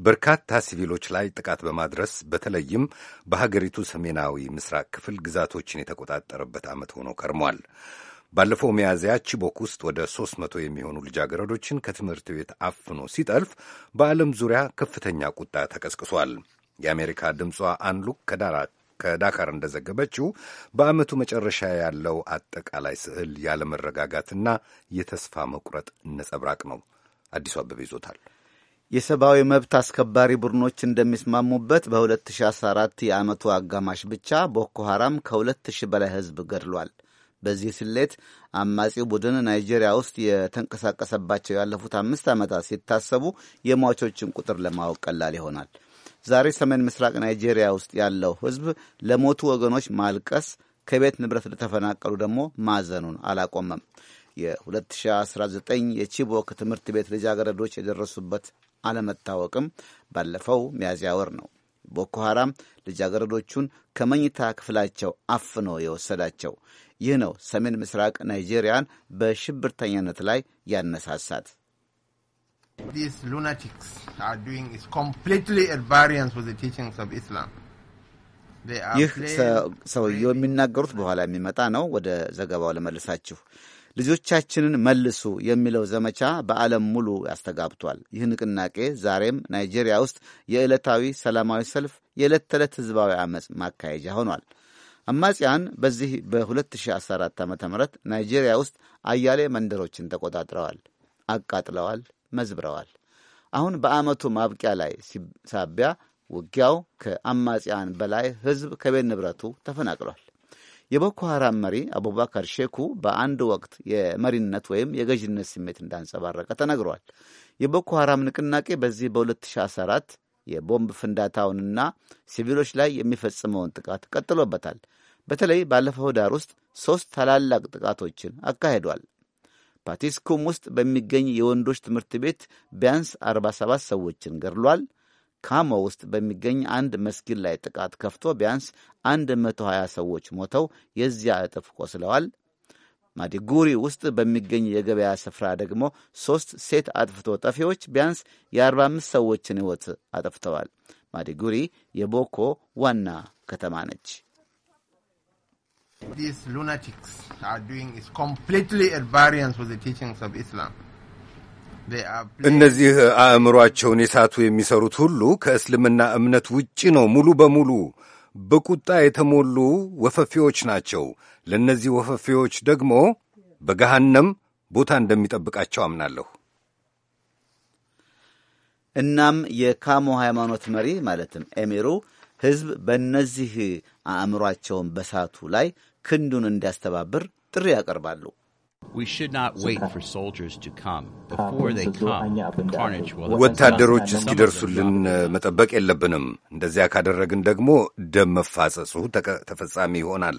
በርካታ ሲቪሎች ላይ ጥቃት በማድረስ በተለይም በሀገሪቱ ሰሜናዊ ምስራቅ ክፍል ግዛቶችን የተቆጣጠረበት ዓመት ሆኖ ከርሟል። ባለፈው ሚያዝያ ቺቦክ ውስጥ ወደ 300 የሚሆኑ ልጃገረዶችን ከትምህርት ቤት አፍኖ ሲጠልፍ በዓለም ዙሪያ ከፍተኛ ቁጣ ተቀስቅሷል። የአሜሪካ ድምጿ ከዳራ ከዳካር እንደዘገበችው በዓመቱ መጨረሻ ያለው አጠቃላይ ስዕል ያለመረጋጋትና የተስፋ መቁረጥ ነጸብራቅ ነው። አዲሱ አበበ ይዞታል። የሰብአዊ መብት አስከባሪ ቡድኖች እንደሚስማሙበት በ2014 የዓመቱ አጋማሽ ብቻ ቦኮ ሐራም ከ2000 በላይ ሕዝብ ገድሏል። በዚህ ስሌት አማጺው ቡድን ናይጄሪያ ውስጥ የተንቀሳቀሰባቸው ያለፉት አምስት ዓመታት ሲታሰቡ የሟቾችን ቁጥር ለማወቅ ቀላል ይሆናል። ዛሬ ሰሜን ምስራቅ ናይጄሪያ ውስጥ ያለው ህዝብ ለሞቱ ወገኖች ማልቀስ፣ ከቤት ንብረት ለተፈናቀሉ ደግሞ ማዘኑን አላቆመም። የ2019 የቺቦክ ትምህርት ቤት ልጃገረዶች የደረሱበት አለመታወቅም ባለፈው ሚያዝያ ወር ነው ቦኮ ሐራም ልጃገረዶቹን ከመኝታ ክፍላቸው አፍኖ የወሰዳቸው። ይህ ነው ሰሜን ምስራቅ ናይጄሪያን በሽብርተኛነት ላይ ያነሳሳት። These lunatics are doing is completely at variance with the teachings of Islam. ይህ ሰውየው የሚናገሩት በኋላ የሚመጣ ነው። ወደ ዘገባው ለመልሳችሁ ልጆቻችንን መልሱ የሚለው ዘመቻ በዓለም ሙሉ ያስተጋብቷል። ይህ ንቅናቄ ዛሬም ናይጄሪያ ውስጥ የዕለታዊ ሰላማዊ ሰልፍ፣ የዕለት ተዕለት ሕዝባዊ ዓመፅ ማካሄጃ ሆኗል። አማጽያን በዚህ በ2014 ዓ ም ናይጄሪያ ውስጥ አያሌ መንደሮችን ተቆጣጥረዋል፣ አቃጥለዋል፣ መዝብረዋል። አሁን በዓመቱ ማብቂያ ላይ ሳቢያ ውጊያው ከአማጽያን በላይ ሕዝብ ከቤት ንብረቱ ተፈናቅሏል። የቦኮ ሐራም መሪ አቡባከር ሼኩ በአንድ ወቅት የመሪነት ወይም የገዥነት ስሜት እንዳንጸባረቀ ተነግሯል። የቦኮ ሐራም ንቅናቄ በዚህ በ2014 የቦምብ ፍንዳታውንና ሲቪሎች ላይ የሚፈጽመውን ጥቃት ቀጥሎበታል። በተለይ ባለፈው ዳር ውስጥ ሦስት ታላላቅ ጥቃቶችን አካሂዷል። ባቲስኩም ውስጥ በሚገኝ የወንዶች ትምህርት ቤት ቢያንስ 47 ሰዎችን ገድሏል። ካሞ ውስጥ በሚገኝ አንድ መስጊድ ላይ ጥቃት ከፍቶ ቢያንስ 120 ሰዎች ሞተው የዚያ እጥፍ ቆስለዋል። ማዲጉሪ ውስጥ በሚገኝ የገበያ ስፍራ ደግሞ ሦስት ሴት አጥፍቶ ጠፊዎች ቢያንስ የ45 ሰዎችን ሕይወት አጥፍተዋል። ማዲጉሪ የቦኮ ዋና ከተማ ነች። These lunatics are doing is completely at variance with the teachings of Islam. እነዚህ uh, አእምሯቸውን የሳቱ የሚሰሩት ሁሉ ከእስልምና እምነት ውጪ ነው። ሙሉ በሙሉ በቁጣ የተሞሉ ወፈፊዎች ናቸው። ለእነዚህ ወፈፊዎች ደግሞ በገሃነም ቦታ እንደሚጠብቃቸው አምናለሁ። እናም የካሞ ሃይማኖት መሪ ማለትም ኤሚሩ ሕዝብ በእነዚህ አእምሯቸውን በሳቱ ላይ ክንዱን እንዲያስተባብር ጥሪ ያቀርባሉ። ወታደሮች እስኪደርሱልን መጠበቅ የለብንም። እንደዚያ ካደረግን ደግሞ ደም መፋሰሱ ተፈጻሚ ይሆናል።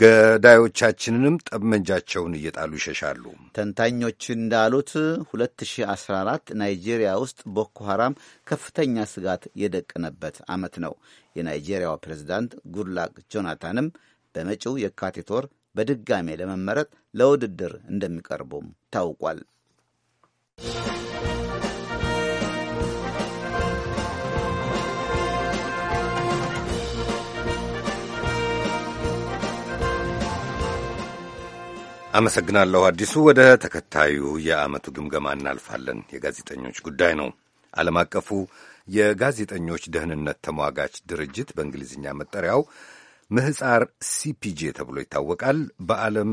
ገዳዮቻችንንም ጠመንጃቸውን እየጣሉ ይሸሻሉ። ተንታኞች እንዳሉት 2014 ናይጄሪያ ውስጥ ቦኮ ሐራም ከፍተኛ ስጋት የደቀነበት ዓመት ነው። የናይጄሪያው ፕሬዝዳንት ጉድላክ ጆናታንም በመጪው የካቲት ወር በድጋሜ ለመመረጥ ለውድድር እንደሚቀርቡም ታውቋል። አመሰግናለሁ አዲሱ። ወደ ተከታዩ የዓመቱ ግምገማ እናልፋለን። የጋዜጠኞች ጉዳይ ነው። ዓለም አቀፉ የጋዜጠኞች ደህንነት ተሟጋች ድርጅት በእንግሊዝኛ መጠሪያው ምህፃር ሲፒጄ ተብሎ ይታወቃል። በዓለም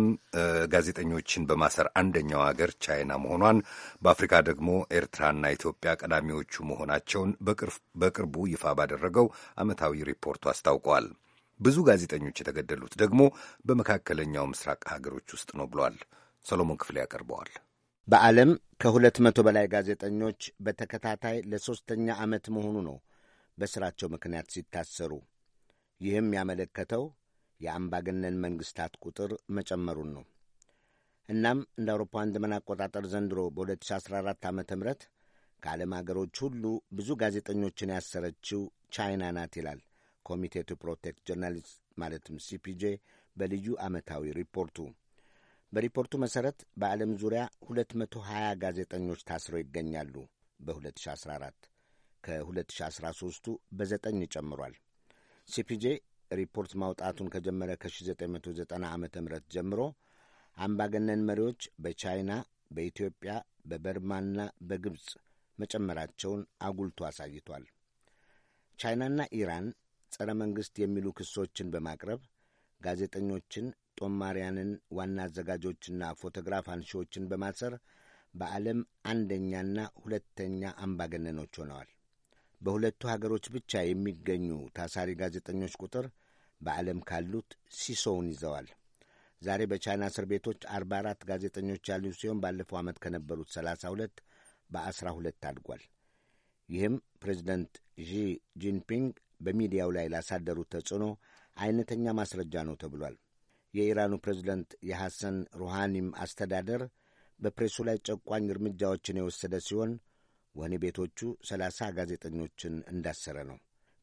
ጋዜጠኞችን በማሰር አንደኛው አገር ቻይና መሆኗን በአፍሪካ ደግሞ ኤርትራና ኢትዮጵያ ቀዳሚዎቹ መሆናቸውን በቅርቡ ይፋ ባደረገው ዓመታዊ ሪፖርቱ አስታውቋል። ብዙ ጋዜጠኞች የተገደሉት ደግሞ በመካከለኛው ምስራቅ ሀገሮች ውስጥ ነው ብሏል። ሰሎሞን ክፍሌ ያቀርበዋል። በዓለም ከሁለት መቶ በላይ ጋዜጠኞች በተከታታይ ለሦስተኛ ዓመት መሆኑ ነው በሥራቸው ምክንያት ሲታሰሩ። ይህም ያመለከተው የአምባገነን መንግሥታት ቁጥር መጨመሩን ነው። እናም እንደ አውሮፓውያን ዘመን አቆጣጠር ዘንድሮ በ2014 ዓ ም ከዓለም አገሮች ሁሉ ብዙ ጋዜጠኞችን ያሰረችው ቻይና ናት ይላል ኮሚቴ ቱ ፕሮቴክት ጆርናሊስት ማለትም ሲፒጄ በልዩ ዓመታዊ ሪፖርቱ በሪፖርቱ መሠረት በዓለም ዙሪያ 220 ጋዜጠኞች ታስረው ይገኛሉ። በ2014 ከ2013ቱ በዘጠኝ ጨምሯል። ሲፒጄ ሪፖርት ማውጣቱን ከጀመረ ከ1990 ዓ ም ጀምሮ አምባገነን መሪዎች በቻይና፣ በኢትዮጵያ፣ በበርማና በግብፅ መጨመራቸውን አጉልቶ አሳይቷል። ቻይናና ኢራን ጸረ መንግሥት የሚሉ ክሶችን በማቅረብ ጋዜጠኞችን፣ ጦማሪያንን፣ ዋና አዘጋጆችና ፎቶግራፍ አንሺዎችን በማሰር በዓለም አንደኛና ሁለተኛ አምባገነኖች ሆነዋል። በሁለቱ ሀገሮች ብቻ የሚገኙ ታሳሪ ጋዜጠኞች ቁጥር በዓለም ካሉት ሲሶውን ይዘዋል። ዛሬ በቻይና እስር ቤቶች 44 ጋዜጠኞች ያሉ ሲሆን ባለፈው ዓመት ከነበሩት 32 በ12 አድጓል። ይህም ፕሬዚደንት ዢ ጂንፒንግ በሚዲያው ላይ ላሳደሩት ተጽዕኖ አይነተኛ ማስረጃ ነው ተብሏል። የኢራኑ ፕሬዝደንት የሐሰን ሩሃኒም አስተዳደር በፕሬሱ ላይ ጨቋኝ እርምጃዎችን የወሰደ ሲሆን ወህኒ ቤቶቹ 30 ጋዜጠኞችን እንዳሰረ ነው።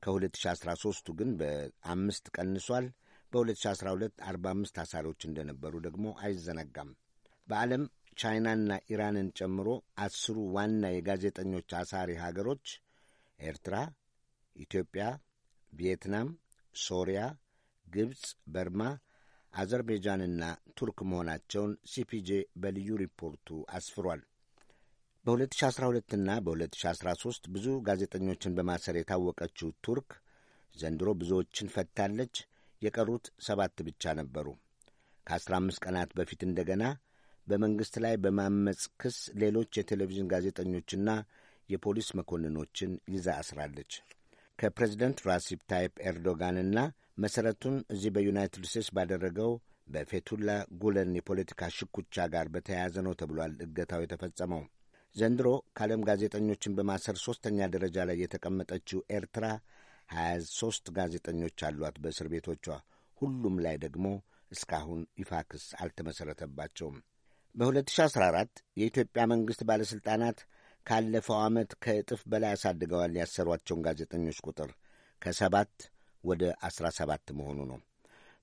ከ2013ቱ ግን በአምስት ቀንሷል። በ2012 45 አሳሪዎች እንደነበሩ ደግሞ አይዘነጋም። በዓለም ቻይናና ኢራንን ጨምሮ አስሩ ዋና የጋዜጠኞች አሳሪ ሀገሮች ኤርትራ፣ ኢትዮጵያ፣ ቪየትናም፣ ሶሪያ፣ ግብፅ፣ በርማ፣ አዘርቤጃንና ቱርክ መሆናቸውን ሲፒጄ በልዩ ሪፖርቱ አስፍሯል። በ2012ና በ2013 ብዙ ጋዜጠኞችን በማሰር የታወቀችው ቱርክ ዘንድሮ ብዙዎችን ፈታለች። የቀሩት ሰባት ብቻ ነበሩ። ከ15 ቀናት በፊት እንደገና በመንግሥት ላይ በማመፅ ክስ ሌሎች የቴሌቪዥን ጋዜጠኞችና የፖሊስ መኮንኖችን ይዛ አስራለች። ከፕሬዚደንት ራሲፕ ታይፕ ኤርዶጋንና መሠረቱን እዚህ በዩናይትድ ስቴትስ ባደረገው በፌቱላ ጉለን የፖለቲካ ሽኩቻ ጋር በተያያዘ ነው ተብሏል። እገታው የተፈጸመው ዘንድሮ ከዓለም ጋዜጠኞችን በማሰር ሦስተኛ ደረጃ ላይ የተቀመጠችው ኤርትራ ሦስት ጋዜጠኞች አሏት በእስር ቤቶቿ። ሁሉም ላይ ደግሞ እስካሁን ይፋ ክስ አልተመሠረተባቸውም። በ2014 የኢትዮጵያ መንግሥት ባለሥልጣናት ካለፈው ዓመት ከእጥፍ በላይ አሳድገዋል። ያሰሯቸውን ጋዜጠኞች ቁጥር ከሰባት ወደ አስራ ሰባት መሆኑ ነው።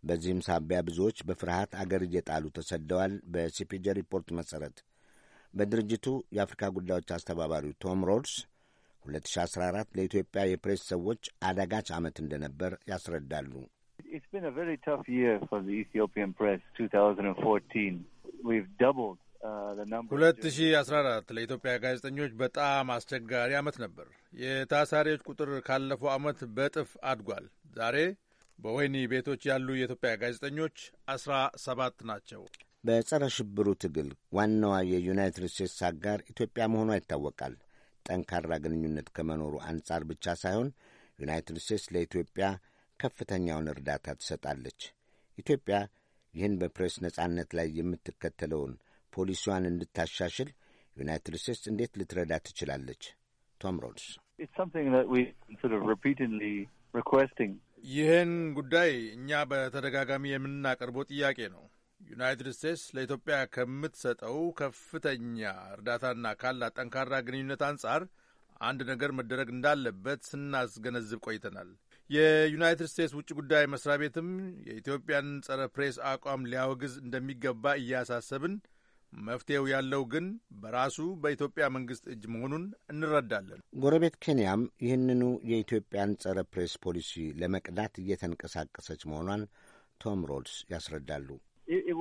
በዚህም ሳቢያ ብዙዎች በፍርሃት አገር እየጣሉ ተሰደዋል። በሲፒጄ ሪፖርት መሠረት በድርጅቱ የአፍሪካ ጉዳዮች አስተባባሪው ቶም ሮድስ 2014 ለኢትዮጵያ የፕሬስ ሰዎች አዳጋች ዓመት እንደነበር ያስረዳሉ። It's been a very tough year for the Ethiopian press, 2014. We've doubled ሁለት ሺ አስራ አራት ለኢትዮጵያ ጋዜጠኞች በጣም አስቸጋሪ አመት ነበር። የታሳሪዎች ቁጥር ካለፈው አመት በእጥፍ አድጓል። ዛሬ በወህኒ ቤቶች ያሉ የኢትዮጵያ ጋዜጠኞች አስራ ሰባት ናቸው። በጸረ ሽብሩ ትግል ዋናዋ የዩናይትድ ስቴትስ አጋር ኢትዮጵያ መሆኗ ይታወቃል። ጠንካራ ግንኙነት ከመኖሩ አንጻር ብቻ ሳይሆን ዩናይትድ ስቴትስ ለኢትዮጵያ ከፍተኛውን እርዳታ ትሰጣለች። ኢትዮጵያ ይህን በፕሬስ ነጻነት ላይ የምትከተለውን ፖሊሲዋን እንድታሻሽል ዩናይትድ ስቴትስ እንዴት ልትረዳ ትችላለች? ቶም ሮልስ ይህን ጉዳይ እኛ በተደጋጋሚ የምናቀርበው ጥያቄ ነው። ዩናይትድ ስቴትስ ለኢትዮጵያ ከምትሰጠው ከፍተኛ እርዳታና ካላት ጠንካራ ግንኙነት አንጻር አንድ ነገር መደረግ እንዳለበት ስናስገነዝብ ቆይተናል። የዩናይትድ ስቴትስ ውጭ ጉዳይ መስሪያ ቤትም የኢትዮጵያን ጸረ ፕሬስ አቋም ሊያወግዝ እንደሚገባ እያሳሰብን መፍትሄው ያለው ግን በራሱ በኢትዮጵያ መንግሥት እጅ መሆኑን እንረዳለን። ጎረቤት ኬንያም ይህንኑ የኢትዮጵያን ጸረ ፕሬስ ፖሊሲ ለመቅዳት እየተንቀሳቀሰች መሆኗን ቶም ሮድስ ያስረዳሉ። uh,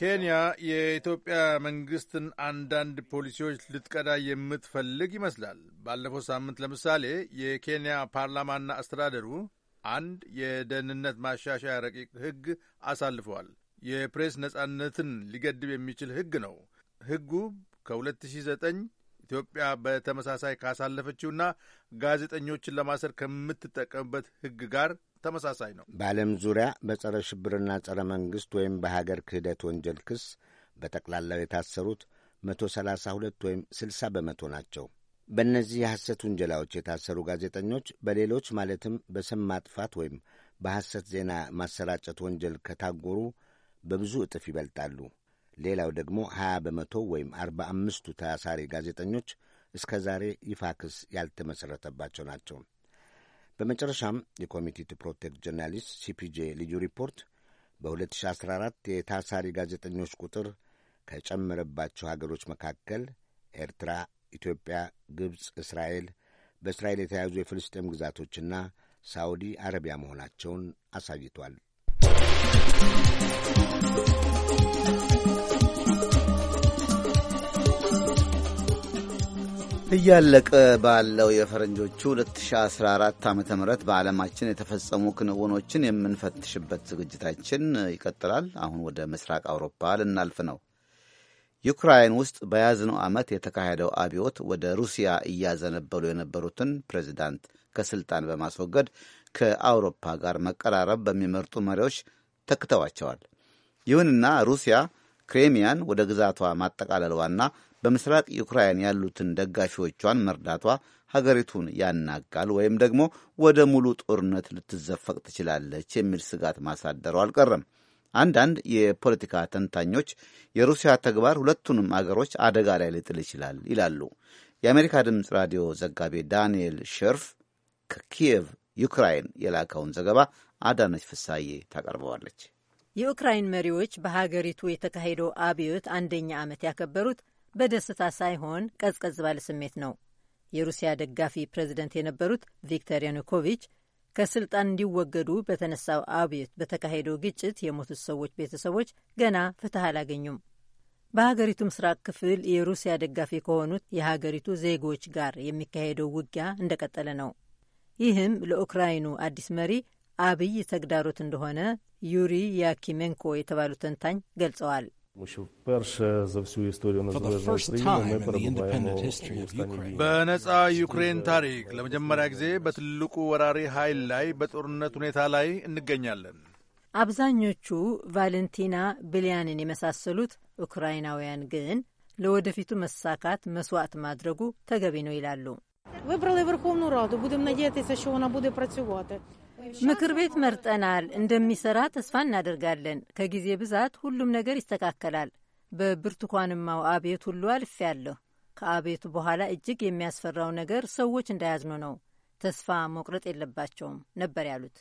ኬንያ የኢትዮጵያ መንግስትን አንዳንድ ፖሊሲዎች ልትቀዳ የምትፈልግ ይመስላል። ባለፈው ሳምንት ለምሳሌ የኬንያ ፓርላማና አስተዳደሩ አንድ የደህንነት ማሻሻያ ረቂቅ ሕግ አሳልፈዋል። የፕሬስ ነጻነትን ሊገድብ የሚችል ሕግ ነው። ሕጉ ከ2009 ኢትዮጵያ በተመሳሳይ ካሳለፈችውና ጋዜጠኞችን ለማሰር ከምትጠቀምበት ሕግ ጋር ተመሳሳይ ነው። በዓለም ዙሪያ በጸረ ሽብርና ጸረ መንግሥት ወይም በሀገር ክህደት ወንጀል ክስ በጠቅላላው የታሰሩት 132 ወይም 60 በመቶ ናቸው። በእነዚህ የሐሰት ውንጀላዎች የታሰሩ ጋዜጠኞች በሌሎች ማለትም በስም ማጥፋት ወይም በሐሰት ዜና ማሰራጨት ወንጀል ከታጎሩ በብዙ እጥፍ ይበልጣሉ። ሌላው ደግሞ 20 በመቶ ወይም 45ቱ ታሳሪ ጋዜጠኞች እስከ ዛሬ ይፋ ክስ ያልተመሠረተባቸው ናቸው። በመጨረሻም የኮሚቴ ቱ ፕሮቴክት ጀርናሊስት ሲፒጄ ልዩ ሪፖርት በ2014 የታሳሪ ጋዜጠኞች ቁጥር ከጨመረባቸው ሀገሮች መካከል ኤርትራ ኢትዮጵያ፣ ግብፅ፣ እስራኤል፣ በእስራኤል የተያዙ የፍልስጤም ግዛቶችና ሳውዲ አረቢያ መሆናቸውን አሳይቷል። እያለቀ ባለው የፈረንጆቹ 2014 ዓ ም በዓለማችን የተፈጸሙ ክንውኖችን የምንፈትሽበት ዝግጅታችን ይቀጥላል። አሁን ወደ ምስራቅ አውሮፓ ልናልፍ ነው። ዩክራይን ውስጥ በያዝነው ዓመት የተካሄደው አብዮት ወደ ሩሲያ እያዘነበሉ የነበሩትን ፕሬዚዳንት ከስልጣን በማስወገድ ከአውሮፓ ጋር መቀራረብ በሚመርጡ መሪዎች ተክተዋቸዋል። ይሁንና ሩሲያ ክሬሚያን ወደ ግዛቷ ማጠቃለሏና በምስራቅ ዩክራይን ያሉትን ደጋፊዎቿን መርዳቷ ሀገሪቱን ያናጋል ወይም ደግሞ ወደ ሙሉ ጦርነት ልትዘፈቅ ትችላለች የሚል ስጋት ማሳደረው አልቀረም። አንዳንድ የፖለቲካ ተንታኞች የሩሲያ ተግባር ሁለቱንም አገሮች አደጋ ላይ ሊጥል ይችላል ይላሉ። የአሜሪካ ድምፅ ራዲዮ ዘጋቢ ዳንኤል ሸርፍ ከኪየቭ ዩክራይን የላከውን ዘገባ አዳነች ፍሳዬ ታቀርበዋለች። የዩክራይን መሪዎች በሀገሪቱ የተካሄደው አብዮት አንደኛ ዓመት ያከበሩት በደስታ ሳይሆን ቀዝቀዝ ባለ ስሜት ነው። የሩሲያ ደጋፊ ፕሬዝደንት የነበሩት ቪክተር ያኑኮቪች ከስልጣን እንዲወገዱ በተነሳው አብዮት በተካሄደው ግጭት የሞቱት ሰዎች ቤተሰቦች ገና ፍትህ አላገኙም። በሀገሪቱ ምስራቅ ክፍል የሩሲያ ደጋፊ ከሆኑት የሀገሪቱ ዜጎች ጋር የሚካሄደው ውጊያ እንደቀጠለ ነው። ይህም ለኡክራይኑ አዲስ መሪ አብይ ተግዳሮት እንደሆነ ዩሪ ያኪሜንኮ የተባሉ ተንታኝ ገልጸዋል። በነጻ ዩክሬን ታሪክ ለመጀመሪያ ጊዜ በትልቁ ወራሪ ኃይል ላይ በጦርነት ሁኔታ ላይ እንገኛለን። አብዛኞቹ ቫለንቲና ብሊያንን የመሳሰሉት ኡክራይናውያን ግን ለወደፊቱ መሳካት መስዋዕት ማድረጉ ተገቢ ነው ይላሉ። ምክር ቤት መርጠናል። እንደሚሰራ ተስፋ እናደርጋለን። ከጊዜ ብዛት ሁሉም ነገር ይስተካከላል። በብርቱካንማው አቤት ሁሉ አልፌያለሁ። ከአቤቱ በኋላ እጅግ የሚያስፈራው ነገር ሰዎች እንዳያዝኑ ነው። ተስፋ መቁረጥ የለባቸውም ነበር ያሉት።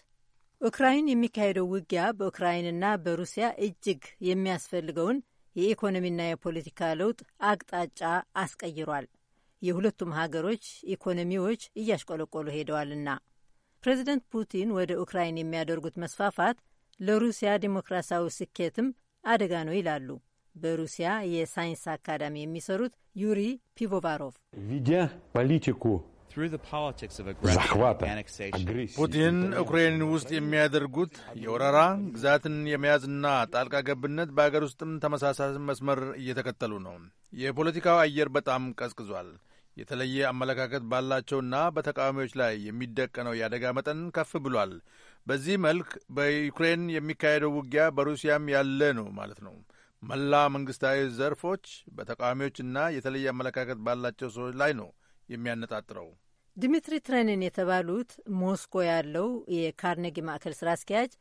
ኡክራይን የሚካሄደው ውጊያ በኡክራይንና በሩሲያ እጅግ የሚያስፈልገውን የኢኮኖሚና የፖለቲካ ለውጥ አቅጣጫ አስቀይሯል። የሁለቱም ሀገሮች ኢኮኖሚዎች እያሽቆለቆሉ ሄደዋልና ፕሬዚደንት ፑቲን ወደ ኡክራይን የሚያደርጉት መስፋፋት ለሩሲያ ዲሞክራሲያዊ ስኬትም አደጋ ነው ይላሉ በሩሲያ የሳይንስ አካዳሚ የሚሰሩት ዩሪ ፒቮቫሮቭ። ፑቲን ኡክሬን ውስጥ የሚያደርጉት የወረራ ግዛትን የመያዝና ጣልቃ ገብነት በአገር ውስጥም ተመሳሳይ መስመር እየተከተሉ ነው። የፖለቲካው አየር በጣም ቀዝቅዟል። የተለየ አመለካከት ባላቸውና በተቃዋሚዎች ላይ የሚደቀነው የአደጋ መጠን ከፍ ብሏል። በዚህ መልክ በዩክሬን የሚካሄደው ውጊያ በሩሲያም ያለ ነው ማለት ነው። መላ መንግስታዊ ዘርፎች በተቃዋሚዎችና የተለየ አመለካከት ባላቸው ሰዎች ላይ ነው የሚያነጣጥረው። ዲሚትሪ ትሬንን የተባሉት ሞስኮ ያለው የካርኔጊ ማዕከል ስራ አስኪያጅ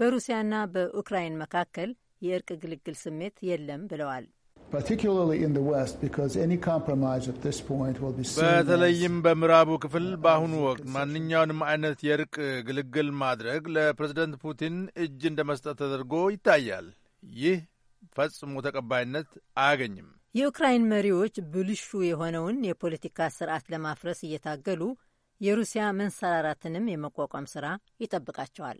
በሩሲያና በኡክራይን መካከል የእርቅ ግልግል ስሜት የለም ብለዋል። በተለይም በምዕራቡ ክፍል በአሁኑ ወቅት ማንኛውንም አይነት የእርቅ ግልግል ማድረግ ለፕሬዝደንት ፑቲን እጅ እንደ መስጠት ተደርጎ ይታያል። ይህ ፈጽሞ ተቀባይነት አያገኝም። የዩክራይን መሪዎች ብልሹ የሆነውን የፖለቲካ ስርዓት ለማፍረስ እየታገሉ የሩሲያ መንሰራራትንም የመቋቋም ሥራ ይጠብቃቸዋል።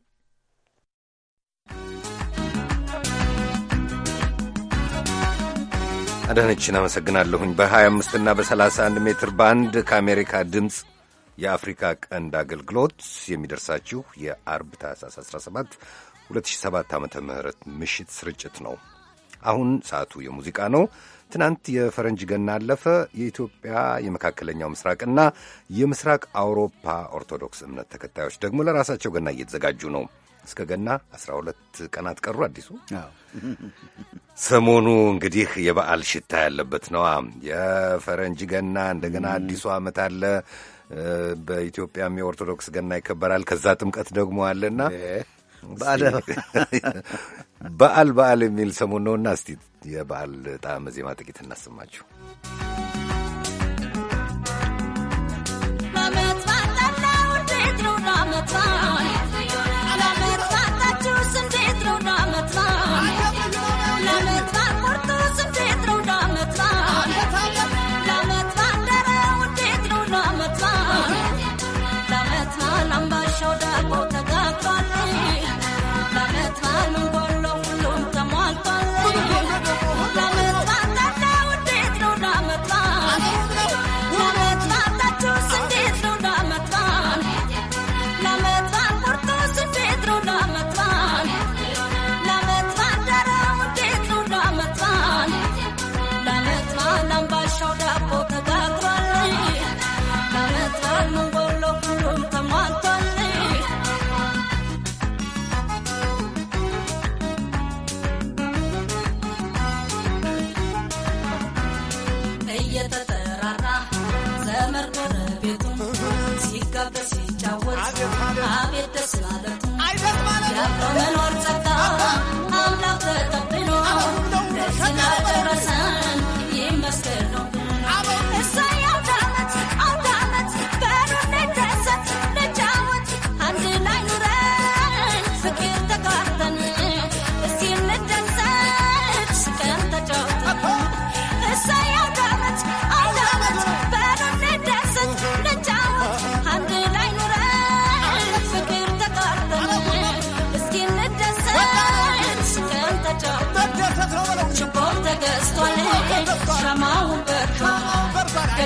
አዳነችን አመሰግናለሁኝ። በ25 እና በ31 ሜትር ባንድ ከአሜሪካ ድምፅ የአፍሪካ ቀንድ አገልግሎት የሚደርሳችሁ የአርብ ታህሳስ 17 2007 ዓ ም ምሽት ስርጭት ነው። አሁን ሰዓቱ የሙዚቃ ነው። ትናንት የፈረንጅ ገና አለፈ። የኢትዮጵያ የመካከለኛው ምስራቅና የምስራቅ አውሮፓ ኦርቶዶክስ እምነት ተከታዮች ደግሞ ለራሳቸው ገና እየተዘጋጁ ነው። እስከ ገና 12 ቀናት ቀሩ። አዲሱ ሰሞኑ እንግዲህ የበዓል ሽታ ያለበት ነዋ። የፈረንጅ ገና፣ እንደገና አዲሱ ዓመት አለ። በኢትዮጵያም የኦርቶዶክስ ገና ይከበራል። ከዛ ጥምቀት ደግሞ አለና (laughs) በዓል በዓል የሚል ሰሞን ነውና እስቲ የበዓል ጣዕመ ዜማ ጥቂት እናሰማችሁ።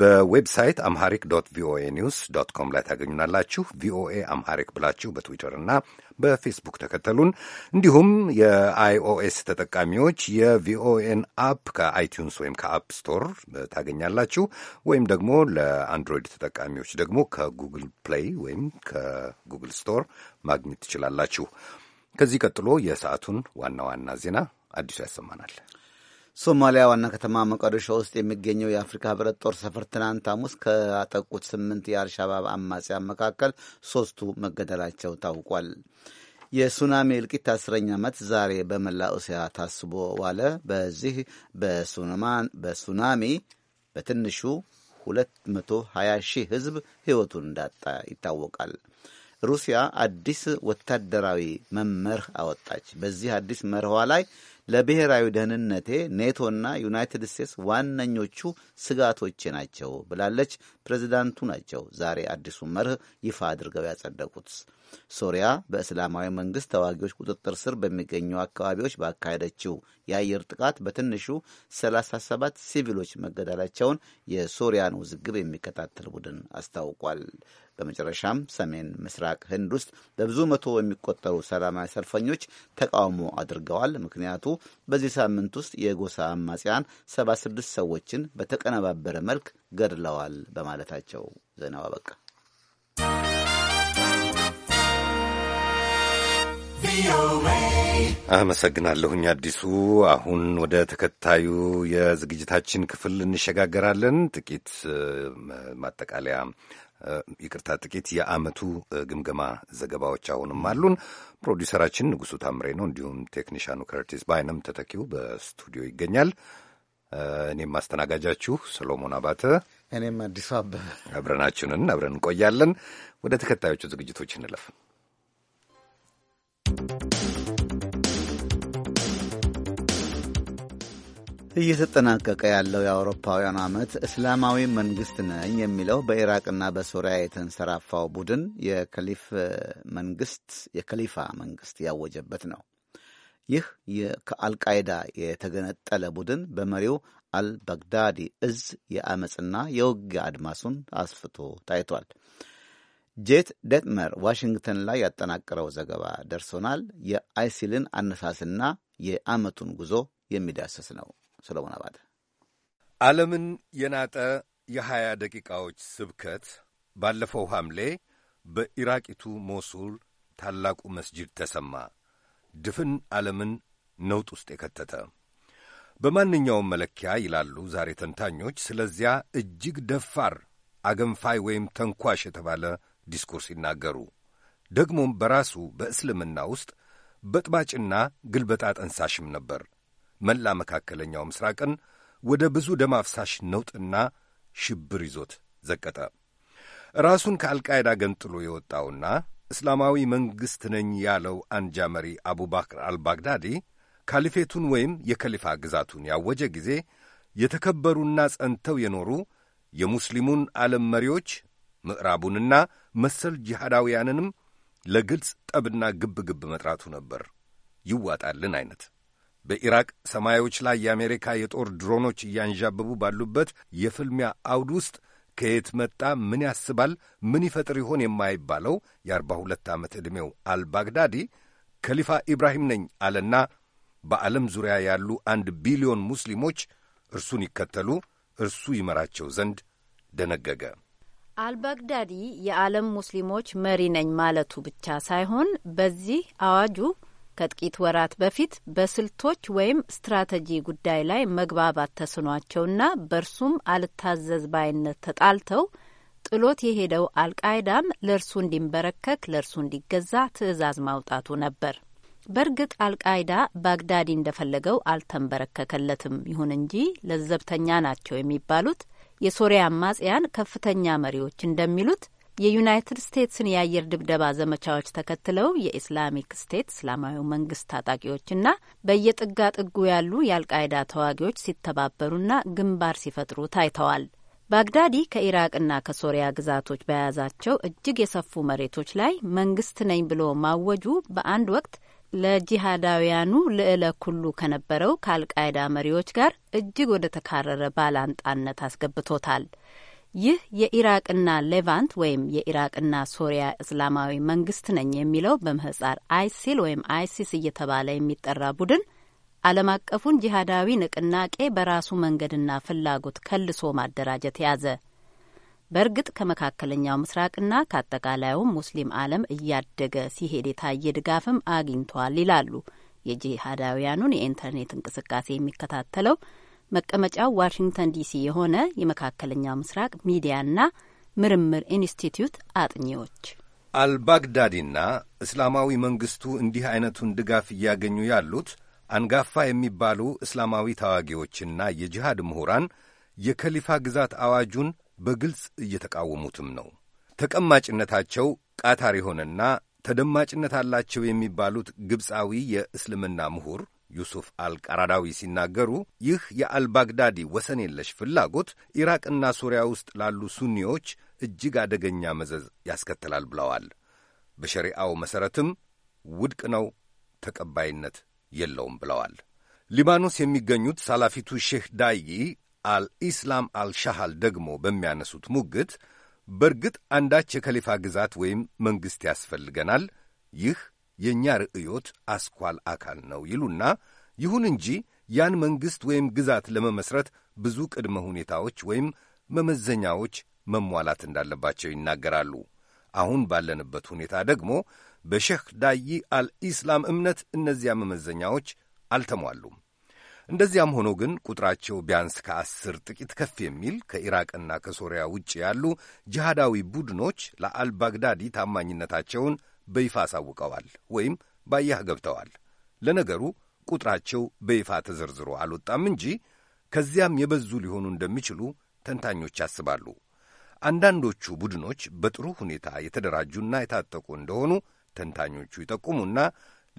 በዌብሳይት አምሃሪክ ዶት ቪኦኤ ኒውስ ዶት ኮም ላይ ታገኙናላችሁ። ቪኦኤ አምሃሪክ ብላችሁ በትዊተርና በፌስቡክ ተከተሉን። እንዲሁም የአይኦኤስ ተጠቃሚዎች የቪኦኤን አፕ ከአይቲዩንስ ወይም ከአፕ ስቶር ታገኛላችሁ። ወይም ደግሞ ለአንድሮይድ ተጠቃሚዎች ደግሞ ከጉግል ፕሌይ ወይም ከጉግል ስቶር ማግኘት ትችላላችሁ። ከዚህ ቀጥሎ የሰዓቱን ዋና ዋና ዜና አዲሱ ያሰማናል። ሶማሊያ ዋና ከተማ መቀደሾ ውስጥ የሚገኘው የአፍሪካ ህብረት ጦር ሰፈር ትናንት ሐሙስ ከአጠቁት ስምንት የአልሻባብ አማጽያን መካከል ሶስቱ መገደላቸው ታውቋል። የሱናሚ እልቂት አስረኛ ዓመት ዛሬ በመላ እስያ ታስቦ ዋለ። በዚህ በሱናሚ በትንሹ 220 ሺህ ህዝብ ህይወቱን እንዳጣ ይታወቃል። ሩሲያ አዲስ ወታደራዊ መመርህ አወጣች። በዚህ አዲስ መርኋ ላይ ለብሔራዊ ደህንነቴ ኔቶና ዩናይትድ ስቴትስ ዋነኞቹ ስጋቶቼ ናቸው ብላለች። ፕሬዚዳንቱ ናቸው ዛሬ አዲሱን መርህ ይፋ አድርገው ያጸደቁት። ሶሪያ በእስላማዊ መንግስት ተዋጊዎች ቁጥጥር ስር በሚገኙ አካባቢዎች ባካሄደችው የአየር ጥቃት በትንሹ 37 ሲቪሎች መገደላቸውን የሶሪያን ውዝግብ የሚከታተል ቡድን አስታውቋል። በመጨረሻም ሰሜን ምስራቅ ህንድ ውስጥ በብዙ መቶ የሚቆጠሩ ሰላማዊ ሰልፈኞች ተቃውሞ አድርገዋል። ምክንያቱ በዚህ ሳምንት ውስጥ የጎሳ አማጽያን 76 ሰዎችን በተቀነባበረ መልክ ገድለዋል በማለታቸው። ዜናው አበቃ። አመሰግናለሁኝ አዲሱ። አሁን ወደ ተከታዩ የዝግጅታችን ክፍል እንሸጋገራለን። ጥቂት ማጠቃለያ ይቅርታ ጥቂት የአመቱ ግምገማ ዘገባዎች አሁንም አሉን። ፕሮዲውሰራችን ንጉሱ ታምሬ ነው። እንዲሁም ቴክኒሻኑ ከርቲስ ባይንም ተተኪው በስቱዲዮ ይገኛል። እኔም አስተናጋጃችሁ ሰሎሞን አባተ፣ እኔም አዲሱ አበበ አብረናችሁንን አብረን እንቆያለን። ወደ ተከታዮቹ ዝግጅቶች እንለፍ። እየተጠናቀቀ ያለው የአውሮፓውያኑ ዓመት እስላማዊ መንግስት ነኝ የሚለው በኢራቅና በሶሪያ የተንሰራፋው ቡድን የከሊፍ መንግስት የከሊፋ መንግስት ያወጀበት ነው። ይህ ከአልቃይዳ የተገነጠለ ቡድን በመሪው አልባግዳዲ እዝ የአመፅና የውጊያ አድማሱን አስፍቶ ታይቷል። ጄት ደትመር ዋሽንግተን ላይ ያጠናቀረው ዘገባ ደርሶናል። የአይሲልን አነሳስና የአመቱን ጉዞ የሚዳስስ ነው። ሰለሞን አባተ። ዓለምን የናጠ የሀያ ደቂቃዎች ስብከት ባለፈው ሐምሌ በኢራቂቱ ሞሱል ታላቁ መስጂድ ተሰማ። ድፍን ዓለምን ነውጥ ውስጥ የከተተ በማንኛውም መለኪያ ይላሉ ዛሬ ተንታኞች፣ ስለዚያ እጅግ ደፋር አገንፋይ ወይም ተንኳሽ የተባለ ዲስኩርስ ይናገሩ። ደግሞም በራሱ በእስልምና ውስጥ በጥባጭና ግልበጣ ጠንሳሽም ነበር። መላ መካከለኛው ምስራቅን ወደ ብዙ ደም አፍሳሽ ነውጥና ሽብር ይዞት ዘቀጠ። ራሱን ከአልቃይዳ ገንጥሎ የወጣውና እስላማዊ መንግሥት ነኝ ያለው አንጃ መሪ አቡባክር አልባግዳዲ ካሊፌቱን ወይም የከሊፋ ግዛቱን ያወጀ ጊዜ የተከበሩና ጸንተው የኖሩ የሙስሊሙን ዓለም መሪዎች ምዕራቡንና መሰል ጂሃዳውያንንም ለግልጽ ጠብና ግብ ግብ መጥራቱ ነበር። ይዋጣልን አይነት በኢራቅ ሰማዮች ላይ የአሜሪካ የጦር ድሮኖች እያንዣበቡ ባሉበት የፍልሚያ አውድ ውስጥ ከየት መጣ፣ ምን ያስባል፣ ምን ይፈጥር ይሆን የማይባለው የአርባ ሁለት ዓመት ዕድሜው አልባግዳዲ ከሊፋ ኢብራሂም ነኝ አለና በዓለም ዙሪያ ያሉ አንድ ቢሊዮን ሙስሊሞች እርሱን ይከተሉ፣ እርሱ ይመራቸው ዘንድ ደነገገ። አልባግዳዲ የዓለም ሙስሊሞች መሪ ነኝ ማለቱ ብቻ ሳይሆን በዚህ አዋጁ ከጥቂት ወራት በፊት በስልቶች ወይም ስትራቴጂ ጉዳይ ላይ መግባባት ተስኗቸውና በእርሱም አልታዘዝ ባይነት ተጣልተው ጥሎት የሄደው አልቃይዳም ለእርሱ እንዲንበረከክ ለእርሱ እንዲገዛ ትዕዛዝ ማውጣቱ ነበር። በእርግጥ አልቃይዳ ባግዳዲ እንደፈለገው አልተንበረከከለትም። ይሁን እንጂ ለዘብተኛ ናቸው የሚባሉት የሶሪያ አማጽያን ከፍተኛ መሪዎች እንደሚሉት የዩናይትድ ስቴትስን የአየር ድብደባ ዘመቻዎች ተከትለው የኢስላሚክ ስቴት እስላማዊ መንግስት ታጣቂዎችና በየጥጋ ጥጉ ያሉ የአልቃይዳ ተዋጊዎች ሲተባበሩና ግንባር ሲፈጥሩ ታይተዋል። ባግዳዲ ከኢራቅና ከሶሪያ ግዛቶች በያዛቸው እጅግ የሰፉ መሬቶች ላይ መንግስት ነኝ ብሎ ማወጁ በአንድ ወቅት ለጂሃዳውያኑ ልዕለ ኩሉ ከነበረው ከአልቃይዳ መሪዎች ጋር እጅግ ወደ ተካረረ ባላንጣነት አስገብቶታል። ይህ የኢራቅና ሌቫንት ወይም የኢራቅና ሶሪያ እስላማዊ መንግስት ነኝ የሚለው በምህጻር አይሲል ወይም አይሲስ እየተባለ የሚጠራ ቡድን ዓለም አቀፉን ጂሃዳዊ ንቅናቄ በራሱ መንገድና ፍላጎት ከልሶ ማደራጀት ያዘ። በእርግጥ ከመካከለኛው ምስራቅና ከአጠቃላዩም ሙስሊም ዓለም እያደገ ሲሄድ የታየ ድጋፍም አግኝቷል ይላሉ የጂሃዳውያኑን የኢንተርኔት እንቅስቃሴ የሚከታተለው መቀመጫው ዋሽንግተን ዲሲ የሆነ የመካከለኛው ምስራቅ ሚዲያና ምርምር ኢንስቲትዩት አጥኚዎች አልባግዳዲና እስላማዊ መንግስቱ እንዲህ አይነቱን ድጋፍ እያገኙ ያሉት አንጋፋ የሚባሉ እስላማዊ ታዋጊዎችና የጂሃድ ምሁራን የከሊፋ ግዛት አዋጁን በግልጽ እየተቃወሙትም ነው። ተቀማጭነታቸው ቃታር የሆነና ተደማጭነት አላቸው የሚባሉት ግብፃዊ የእስልምና ምሁር ዩሱፍ አልቀራዳዊ ሲናገሩ ይህ የአልባግዳዲ ወሰን የለሽ ፍላጎት ኢራቅና ሱሪያ ውስጥ ላሉ ሱኒዎች እጅግ አደገኛ መዘዝ ያስከትላል ብለዋል። በሸሪአው መሠረትም ውድቅ ነው፣ ተቀባይነት የለውም ብለዋል። ሊባኖስ የሚገኙት ሳላፊቱ ሼህ ዳይ አልኢስላም አልሻሃል ደግሞ በሚያነሱት ሙግት በእርግጥ አንዳች የከሊፋ ግዛት ወይም መንግሥት ያስፈልገናል ይህ የእኛ ርእዮት አስኳል አካል ነው ይሉና ይሁን እንጂ ያን መንግሥት ወይም ግዛት ለመመስረት ብዙ ቅድመ ሁኔታዎች ወይም መመዘኛዎች መሟላት እንዳለባቸው ይናገራሉ። አሁን ባለንበት ሁኔታ ደግሞ በሼህ ዳይ አልኢስላም እምነት እነዚያ መመዘኛዎች አልተሟሉም። እንደዚያም ሆኖ ግን ቁጥራቸው ቢያንስ ከአስር ጥቂት ከፍ የሚል ከኢራቅና ከሶሪያ ውጭ ያሉ ጅሃዳዊ ቡድኖች ለአልባግዳዲ ታማኝነታቸውን በይፋ አሳውቀዋል ወይም ባያህ ገብተዋል። ለነገሩ ቁጥራቸው በይፋ ተዘርዝሮ አልወጣም እንጂ ከዚያም የበዙ ሊሆኑ እንደሚችሉ ተንታኞች ያስባሉ። አንዳንዶቹ ቡድኖች በጥሩ ሁኔታ የተደራጁና የታጠቁ እንደሆኑ ተንታኞቹ ይጠቁሙና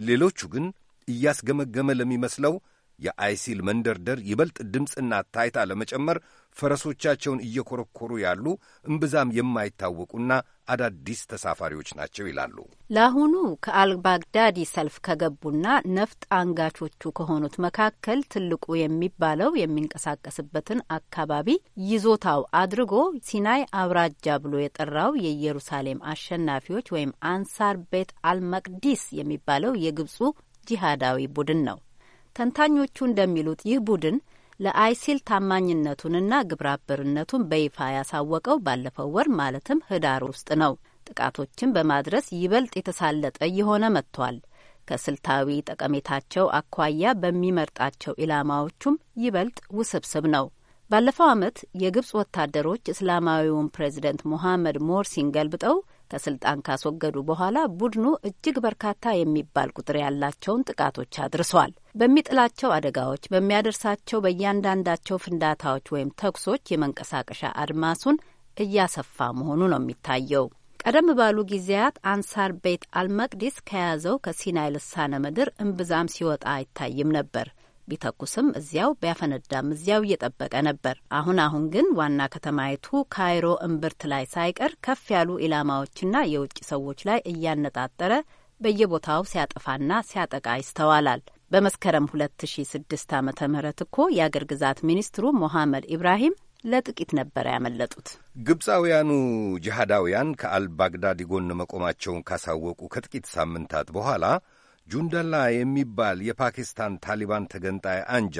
ሌሎቹ ግን እያስገመገመ ለሚመስለው የአይሲል መንደርደር ይበልጥ ድምፅና ታይታ ለመጨመር ፈረሶቻቸውን እየኮረኮሩ ያሉ እምብዛም የማይታወቁና አዳዲስ ተሳፋሪዎች ናቸው ይላሉ። ለአሁኑ ከአልባግዳዲ ሰልፍ ከገቡና ነፍጥ አንጋቾቹ ከሆኑት መካከል ትልቁ የሚባለው የሚንቀሳቀስበትን አካባቢ ይዞታው አድርጎ ሲናይ አውራጃ ብሎ የጠራው የኢየሩሳሌም አሸናፊዎች ወይም አንሳር ቤት አልመቅዲስ የሚባለው የግብፁ ጂሃዳዊ ቡድን ነው። ተንታኞቹ እንደሚሉት ይህ ቡድን ለአይሲል ታማኝነቱንና ግብረአበርነቱን በይፋ ያሳወቀው ባለፈው ወር ማለትም ህዳር ውስጥ ነው። ጥቃቶችን በማድረስ ይበልጥ የተሳለጠ እየሆነ መጥቷል። ከስልታዊ ጠቀሜታቸው አኳያ በሚመርጣቸው ኢላማዎቹም ይበልጥ ውስብስብ ነው። ባለፈው ዓመት የግብፅ ወታደሮች እስላማዊውን ፕሬዚደንት ሞሐመድ ሞርሲን ገልብጠው ከስልጣን ካስወገዱ በኋላ ቡድኑ እጅግ በርካታ የሚባል ቁጥር ያላቸውን ጥቃቶች አድርሷል። በሚጥላቸው አደጋዎች፣ በሚያደርሳቸው በእያንዳንዳቸው ፍንዳታዎች ወይም ተኩሶች የመንቀሳቀሻ አድማሱን እያሰፋ መሆኑ ነው የሚታየው። ቀደም ባሉ ጊዜያት አንሳር ቤት አልመቅዲስ ከያዘው ከሲናይ ልሳነ ምድር እምብዛም ሲወጣ አይታይም ነበር። ቢተኩስም እዚያው ቢያፈነዳም እዚያው እየጠበቀ ነበር። አሁን አሁን ግን ዋና ከተማይቱ ካይሮ እምብርት ላይ ሳይቀር ከፍ ያሉ ኢላማዎችና የውጭ ሰዎች ላይ እያነጣጠረ በየቦታው ሲያጠፋና ሲያጠቃ ይስተዋላል። በመስከረም 2006 ዓ ም እኮ የአገር ግዛት ሚኒስትሩ ሞሐመድ ኢብራሂም ለጥቂት ነበር ያመለጡት። ግብፃውያኑ ጅሃዳውያን ከአልባግዳዲ ጎን መቆማቸውን ካሳወቁ ከጥቂት ሳምንታት በኋላ ጁንደላ የሚባል የፓኪስታን ታሊባን ተገንጣይ አንጃ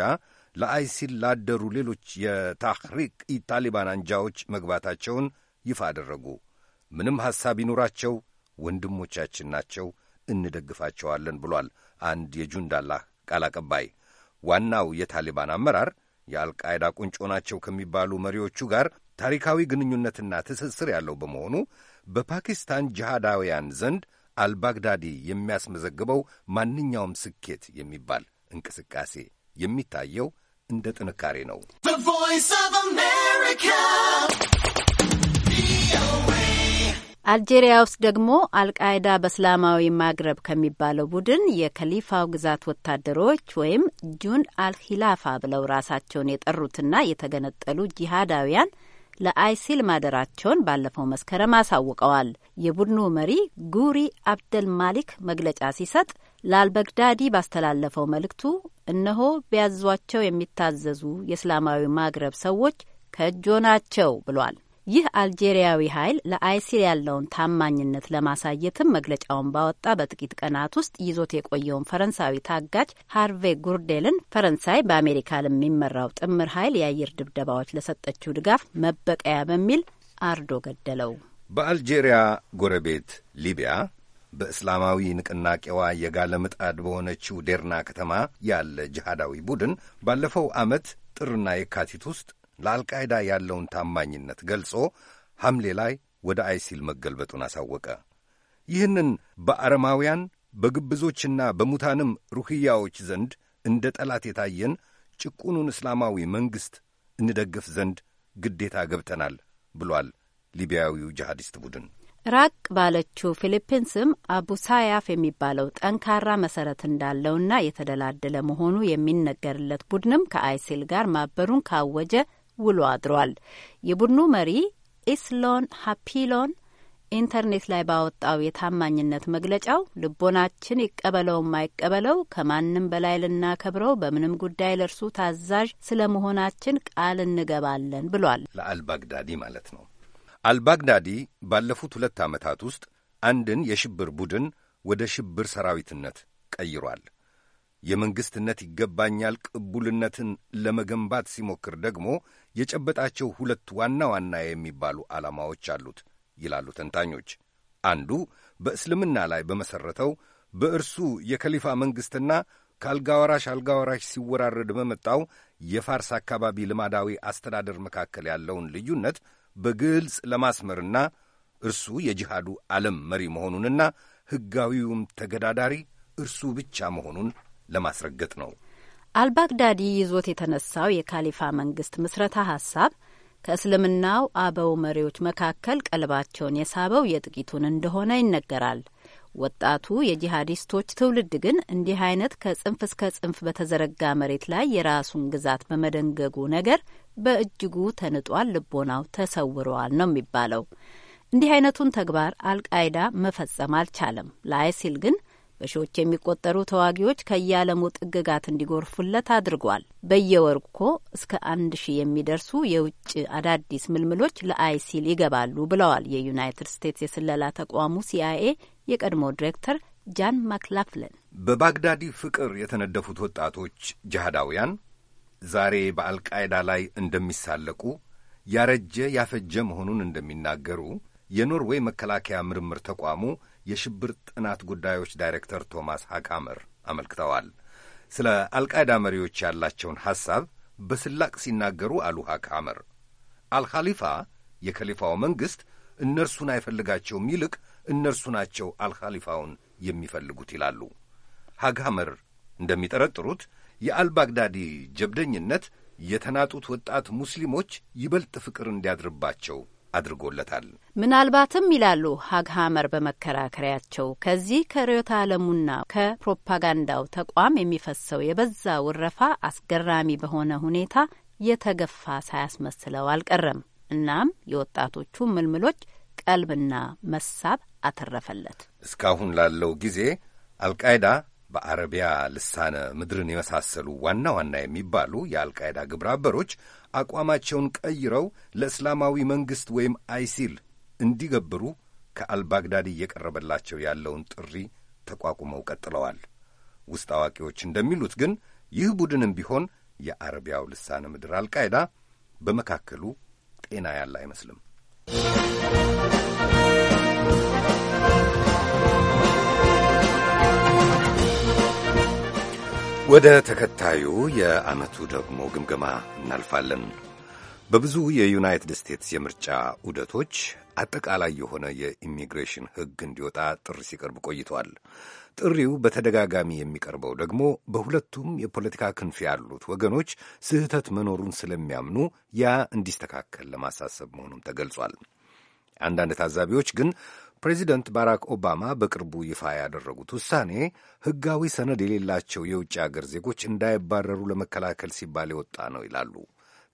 ለአይሲል ላደሩ ሌሎች የታሕሪክ ታሊባን አንጃዎች መግባታቸውን ይፋ አደረጉ። ምንም ሐሳብ ይኑራቸው ወንድሞቻችን ናቸው፣ እንደግፋቸዋለን ብሏል አንድ የጁንዳላ ቃል አቀባይ። ዋናው የታሊባን አመራር የአልቃይዳ ቁንጮ ናቸው ከሚባሉ መሪዎቹ ጋር ታሪካዊ ግንኙነትና ትስስር ያለው በመሆኑ በፓኪስታን ጅሃዳውያን ዘንድ አልባግዳዲ የሚያስመዘግበው ማንኛውም ስኬት የሚባል እንቅስቃሴ የሚታየው እንደ ጥንካሬ ነው። አልጄሪያ ውስጥ ደግሞ አልቃይዳ በእስላማዊ ማግረብ ከሚባለው ቡድን የከሊፋው ግዛት ወታደሮች ወይም ጁን አልሂላፋ ብለው ራሳቸውን የጠሩትና የተገነጠሉ ጂሃዳውያን ለአይሲል ማደራቸውን ባለፈው መስከረም አሳውቀዋል። የቡድኑ መሪ ጉሪ አብደል ማሊክ መግለጫ ሲሰጥ ለአልበግዳዲ ባስተላለፈው መልእክቱ እነሆ ቢያዟቸው የሚታዘዙ የእስላማዊ ማግረብ ሰዎች ከእጆ ናቸው ብሏል። ይህ አልጄሪያዊ ኃይል ለአይሲል ያለውን ታማኝነት ለማሳየትም መግለጫውን ባወጣ በጥቂት ቀናት ውስጥ ይዞት የቆየውን ፈረንሳዊ ታጋጅ ሃርቬ ጉርዴልን ፈረንሳይ በአሜሪካ ለሚመራው ጥምር ኃይል የአየር ድብደባዎች ለሰጠችው ድጋፍ መበቀያ በሚል አርዶ ገደለው። በአልጄሪያ ጎረቤት ሊቢያ በእስላማዊ ንቅናቄዋ የጋለ ምጣድ በሆነችው ዴርና ከተማ ያለ ጅሃዳዊ ቡድን ባለፈው ዓመት ጥርና የካቲት ውስጥ ለአልቃይዳ ያለውን ታማኝነት ገልጾ ሐምሌ ላይ ወደ አይሲል መገልበጡን አሳወቀ። ይህንን በአረማውያን በግብዞችና በሙታንም ሩህያዎች ዘንድ እንደ ጠላት የታየን ጭቁኑን እስላማዊ መንግሥት እንደግፍ ዘንድ ግዴታ ገብተናል ብሏል ሊቢያዊው ጂሃዲስት ቡድን። ራቅ ባለችው ፊሊፒንስም አቡሳያፍ የሚባለው ጠንካራ መሰረት እንዳለውና የተደላደለ መሆኑ የሚነገርለት ቡድንም ከአይሲል ጋር ማበሩን ካወጀ ውሎ አድሯል። የቡድኑ መሪ ኢስሎን ሀፒሎን ኢንተርኔት ላይ ባወጣው የታማኝነት መግለጫው ልቦናችን ይቀበለው ማይቀበለው ከማንም በላይ ልናከብረው በምንም ጉዳይ ለእርሱ ታዛዥ ስለ መሆናችን ቃል እንገባለን ብሏል። ለአልባግዳዲ ማለት ነው። አልባግዳዲ ባለፉት ሁለት ዓመታት ውስጥ አንድን የሽብር ቡድን ወደ ሽብር ሰራዊትነት ቀይሯል። የመንግሥትነት ይገባኛል ቅቡልነትን ለመገንባት ሲሞክር ደግሞ የጨበጣቸው ሁለት ዋና ዋና የሚባሉ ዓላማዎች አሉት ይላሉ ተንታኞች። አንዱ በእስልምና ላይ በመሠረተው በእርሱ የከሊፋ መንግሥትና ከአልጋወራሽ አልጋወራሽ ሲወራረድ በመጣው የፋርስ አካባቢ ልማዳዊ አስተዳደር መካከል ያለውን ልዩነት በግልጽ ለማስመርና እርሱ የጂሃዱ ዓለም መሪ መሆኑንና ሕጋዊውም ተገዳዳሪ እርሱ ብቻ መሆኑን ለማስረገጥ ነው። አልባግዳዲ ይዞት የተነሳው የካሊፋ መንግስት ምስረታ ሀሳብ ከእስልምናው አበው መሪዎች መካከል ቀልባቸውን የሳበው የጥቂቱን እንደሆነ ይነገራል። ወጣቱ የጂሀዲስቶች ትውልድ ግን እንዲህ አይነት ከጽንፍ እስከ ጽንፍ በተዘረጋ መሬት ላይ የራሱን ግዛት በመደንገጉ ነገር በእጅጉ ተንጧል፣ ልቦናው ተሰውረዋል ነው የሚባለው። እንዲህ አይነቱን ተግባር አልቃይዳ መፈጸም አልቻለም። ለአይሲል ግን በሺዎች የሚቆጠሩ ተዋጊዎች ከየዓለሙ ጥግጋት እንዲጎርፉለት አድርጓል። በየወሩ እኮ እስከ አንድ ሺህ የሚደርሱ የውጭ አዳዲስ ምልምሎች ለአይሲል ይገባሉ ብለዋል የዩናይትድ ስቴትስ የስለላ ተቋሙ ሲአይኤ የቀድሞ ዲሬክተር ጃን ማክላፍለን። በባግዳዲ ፍቅር የተነደፉት ወጣቶች ጅሃዳውያን ዛሬ በአልቃይዳ ላይ እንደሚሳለቁ ያረጀ ያፈጀ መሆኑን እንደሚናገሩ የኖርዌይ መከላከያ ምርምር ተቋሙ የሽብር ጥናት ጉዳዮች ዳይሬክተር ቶማስ ሃካመር አመልክተዋል። ስለ አልቃይዳ መሪዎች ያላቸውን ሐሳብ በስላቅ ሲናገሩ አሉ ሃካመር አልኻሊፋ የከሊፋው መንግሥት እነርሱን አይፈልጋቸውም፣ ይልቅ እነርሱ ናቸው አልኻሊፋውን የሚፈልጉት ይላሉ። ሃካመር እንደሚጠረጥሩት የአልባግዳዲ ጀብደኝነት የተናጡት ወጣት ሙስሊሞች ይበልጥ ፍቅር እንዲያድርባቸው አድርጎለታል። ምናልባትም ይላሉ ሀግሃመር በመከራከሪያቸው ከዚህ ከርዕዮተ ዓለሙና ከፕሮፓጋንዳው ተቋም የሚፈሰው የበዛ ውረፋ አስገራሚ በሆነ ሁኔታ የተገፋ ሳያስመስለው አልቀረም። እናም የወጣቶቹ ምልምሎች ቀልብና መሳብ አተረፈለት። እስካሁን ላለው ጊዜ አልቃይዳ በአረቢያ ልሳነ ምድርን የመሳሰሉ ዋና ዋና የሚባሉ የአልቃይዳ ግብረ አበሮች አቋማቸውን ቀይረው ለእስላማዊ መንግሥት ወይም አይሲል እንዲገብሩ ከአልባግዳድ እየቀረበላቸው ያለውን ጥሪ ተቋቁመው ቀጥለዋል። ውስጥ አዋቂዎች እንደሚሉት ግን ይህ ቡድንም ቢሆን የአረቢያው ልሳነ ምድር አልቃይዳ በመካከሉ ጤና ያለ አይመስልም። ወደ ተከታዩ የዓመቱ ደግሞ ግምገማ እናልፋለን። በብዙ የዩናይትድ ስቴትስ የምርጫ ዑደቶች አጠቃላይ የሆነ የኢሚግሬሽን ሕግ እንዲወጣ ጥሪ ሲቀርብ ቆይቷል። ጥሪው በተደጋጋሚ የሚቀርበው ደግሞ በሁለቱም የፖለቲካ ክንፍ ያሉት ወገኖች ስህተት መኖሩን ስለሚያምኑ ያ እንዲስተካከል ለማሳሰብ መሆኑም ተገልጿል። አንዳንድ ታዛቢዎች ግን ፕሬዚደንት ባራክ ኦባማ በቅርቡ ይፋ ያደረጉት ውሳኔ ሕጋዊ ሰነድ የሌላቸው የውጭ አገር ዜጎች እንዳይባረሩ ለመከላከል ሲባል የወጣ ነው ይላሉ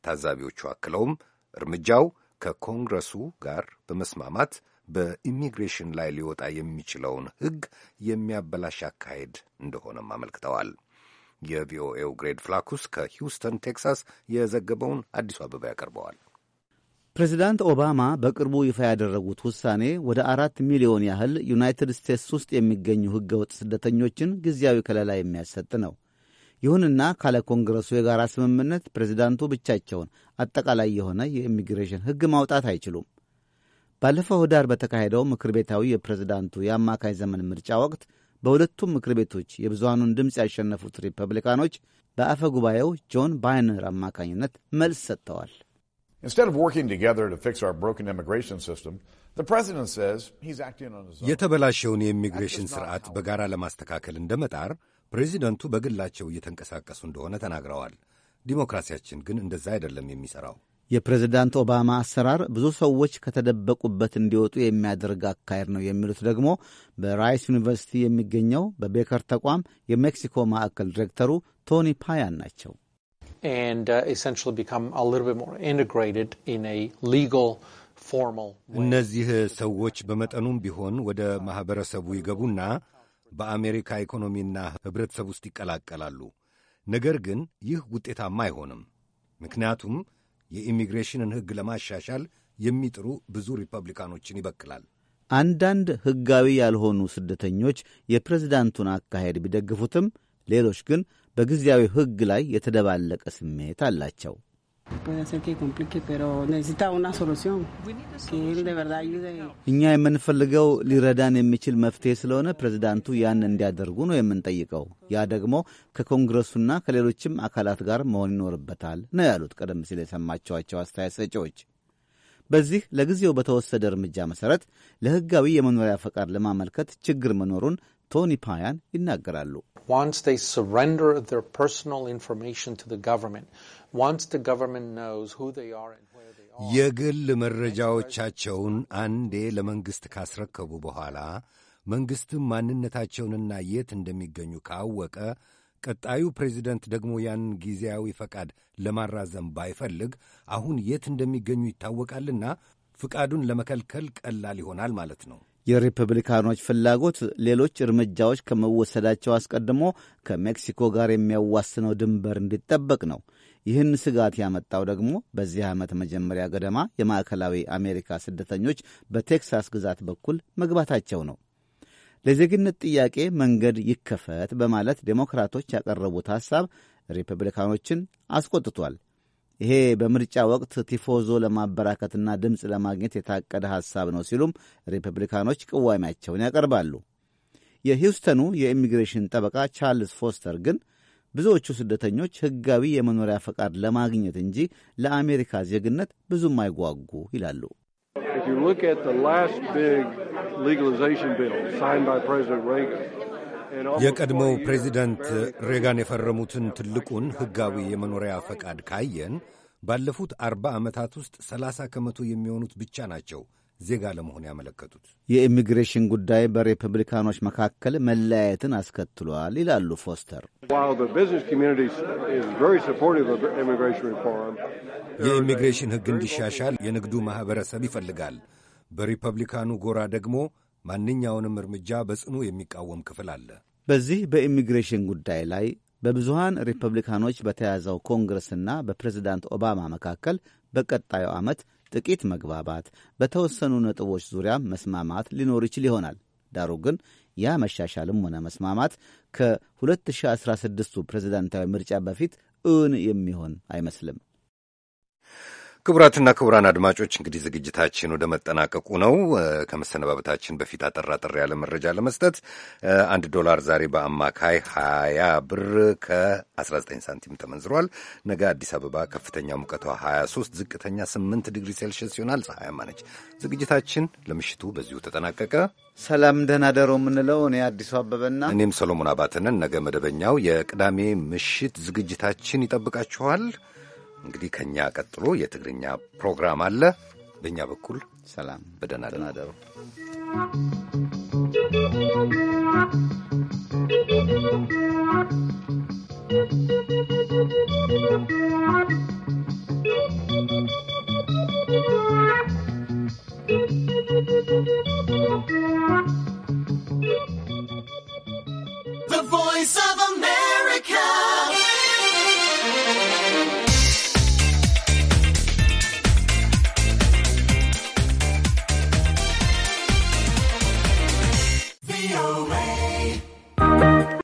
ታዛቢዎቹ። አክለውም እርምጃው ከኮንግረሱ ጋር በመስማማት በኢሚግሬሽን ላይ ሊወጣ የሚችለውን ሕግ የሚያበላሽ አካሄድ እንደሆነም አመልክተዋል። የቪኦኤው ግሬድ ፍላኩስ ከሂውስተን ቴክሳስ የዘገበውን አዲሱ አበባ ያቀርበዋል። ፕሬዚዳንት ኦባማ በቅርቡ ይፋ ያደረጉት ውሳኔ ወደ አራት ሚሊዮን ያህል ዩናይትድ ስቴትስ ውስጥ የሚገኙ ሕገወጥ ስደተኞችን ጊዜያዊ ከለላ የሚያሰጥ ነው። ይሁንና ካለ ኮንግረሱ የጋራ ስምምነት ፕሬዚዳንቱ ብቻቸውን አጠቃላይ የሆነ የኢሚግሬሽን ሕግ ማውጣት አይችሉም። ባለፈው ኅዳር በተካሄደው ምክር ቤታዊ የፕሬዝዳንቱ የአማካይ ዘመን ምርጫ ወቅት በሁለቱም ምክር ቤቶች የብዙሃኑን ድምፅ ያሸነፉት ሪፐብሊካኖች በአፈ ጉባኤው ጆን ባይነር አማካኝነት መልስ ሰጥተዋል። የተበላሸውን የኢሚግሬሽን ስርዓት በጋራ ለማስተካከል እንደመጣር ፕሬዚደንቱ በግላቸው እየተንቀሳቀሱ እንደሆነ ተናግረዋል። ዲሞክራሲያችን ግን እንደዛ አይደለም የሚሠራው። የፕሬዚዳንት ኦባማ አሰራር ብዙ ሰዎች ከተደበቁበት እንዲወጡ የሚያደርግ አካሄድ ነው የሚሉት ደግሞ በራይስ ዩኒቨርሲቲ የሚገኘው በቤከር ተቋም የሜክሲኮ ማዕከል ዲሬክተሩ ቶኒ ፓያን ናቸው። and uh, essentially become a little bit more integrated in a legal formal way. እነዚህ ሰዎች በመጠኑም ቢሆን ወደ ማህበረሰቡ ይገቡና በአሜሪካ ኢኮኖሚና ህብረተሰብ ውስጥ ይቀላቀላሉ። ነገር ግን ይህ ውጤታማ አይሆንም። ምክንያቱም የኢሚግሬሽንን ህግ ለማሻሻል የሚጥሩ ብዙ ሪፐብሊካኖችን ይበክላል። አንዳንድ ህጋዊ ያልሆኑ ስደተኞች የፕሬዝዳንቱን አካሄድ ቢደግፉትም ሌሎች ግን በጊዜያዊ ሕግ ላይ የተደባለቀ ስሜት አላቸው። እኛ የምንፈልገው ሊረዳን የሚችል መፍትሄ ስለሆነ ፕሬዚዳንቱ ያን እንዲያደርጉ ነው የምንጠይቀው። ያ ደግሞ ከኮንግረሱና ከሌሎችም አካላት ጋር መሆን ይኖርበታል ነው ያሉት ቀደም ሲል የሰማችኋቸው አስተያየት ሰጪዎች። በዚህ ለጊዜው በተወሰደ እርምጃ መሠረት ለሕጋዊ የመኖሪያ ፈቃድ ለማመልከት ችግር መኖሩን ቶኒ ፓያን ይናገራሉ። የግል መረጃዎቻቸውን አንዴ ለመንግሥት ካስረከቡ በኋላ መንግሥትም ማንነታቸውንና የት እንደሚገኙ ካወቀ ቀጣዩ ፕሬዚደንት ደግሞ ያን ጊዜያዊ ፈቃድ ለማራዘም ባይፈልግ አሁን የት እንደሚገኙ ይታወቃልና ፍቃዱን ለመከልከል ቀላል ይሆናል ማለት ነው። የሪፐብሊካኖች ፍላጎት ሌሎች እርምጃዎች ከመወሰዳቸው አስቀድሞ ከሜክሲኮ ጋር የሚያዋስነው ድንበር እንዲጠበቅ ነው። ይህን ስጋት ያመጣው ደግሞ በዚህ ዓመት መጀመሪያ ገደማ የማዕከላዊ አሜሪካ ስደተኞች በቴክሳስ ግዛት በኩል መግባታቸው ነው። ለዜግነት ጥያቄ መንገድ ይከፈት በማለት ዴሞክራቶች ያቀረቡት ሐሳብ ሪፐብሊካኖችን አስቆጥቷል። ይሄ በምርጫ ወቅት ቲፎዞ ለማበራከትና ድምፅ ለማግኘት የታቀደ ሐሳብ ነው ሲሉም ሪፐብሊካኖች ቅዋሚያቸውን ያቀርባሉ። የሂውስተኑ የኢሚግሬሽን ጠበቃ ቻርልስ ፎስተር ግን ብዙዎቹ ስደተኞች ሕጋዊ የመኖሪያ ፈቃድ ለማግኘት እንጂ ለአሜሪካ ዜግነት ብዙም አይጓጉ ይላሉ። የቀድሞው ፕሬዚደንት ሬጋን የፈረሙትን ትልቁን ሕጋዊ የመኖሪያ ፈቃድ ካየን ባለፉት አርባ ዓመታት ውስጥ ሰላሳ ከመቶ የሚሆኑት ብቻ ናቸው ዜጋ ለመሆን ያመለከቱት። የኢሚግሬሽን ጉዳይ በሪፐብሊካኖች መካከል መለያየትን አስከትሏል ይላሉ ፎስተር። የኢሚግሬሽን ሕግ እንዲሻሻል የንግዱ ማኅበረሰብ ይፈልጋል። በሪፐብሊካኑ ጎራ ደግሞ ማንኛውንም እርምጃ በጽኑ የሚቃወም ክፍል አለ። በዚህ በኢሚግሬሽን ጉዳይ ላይ በብዙሃን ሪፐብሊካኖች በተያዘው ኮንግረስና በፕሬዚዳንት ኦባማ መካከል በቀጣዩ ዓመት ጥቂት መግባባት፣ በተወሰኑ ነጥቦች ዙሪያም መስማማት ሊኖር ይችል ይሆናል። ዳሩ ግን ያ መሻሻልም ሆነ መስማማት ከ2016ቱ ፕሬዝዳንታዊ ምርጫ በፊት እውን የሚሆን አይመስልም። ክቡራትና ክቡራን አድማጮች እንግዲህ ዝግጅታችን ወደ መጠናቀቁ ነው። ከመሰነባበታችን በፊት አጠራጠር ያለ መረጃ ለመስጠት አንድ ዶላር ዛሬ በአማካይ 20 ብር ከ19 ሳንቲም ተመንዝሯል። ነገ አዲስ አበባ ከፍተኛ ሙቀቷ 23፣ ዝቅተኛ 8 ዲግሪ ሴልሽስ ይሆናል። ፀሐያማ ነች። ዝግጅታችን ለምሽቱ በዚሁ ተጠናቀቀ። ሰላም ደህና ደሮ የምንለው እኔ አዲሱ አበበና እኔም ሰሎሞን አባተነን ነገ መደበኛው የቅዳሜ ምሽት ዝግጅታችን ይጠብቃችኋል። እንግዲህ ከእኛ ቀጥሎ የትግርኛ ፕሮግራም አለ። በእኛ በኩል ሰላም፣ በደህና The voice of America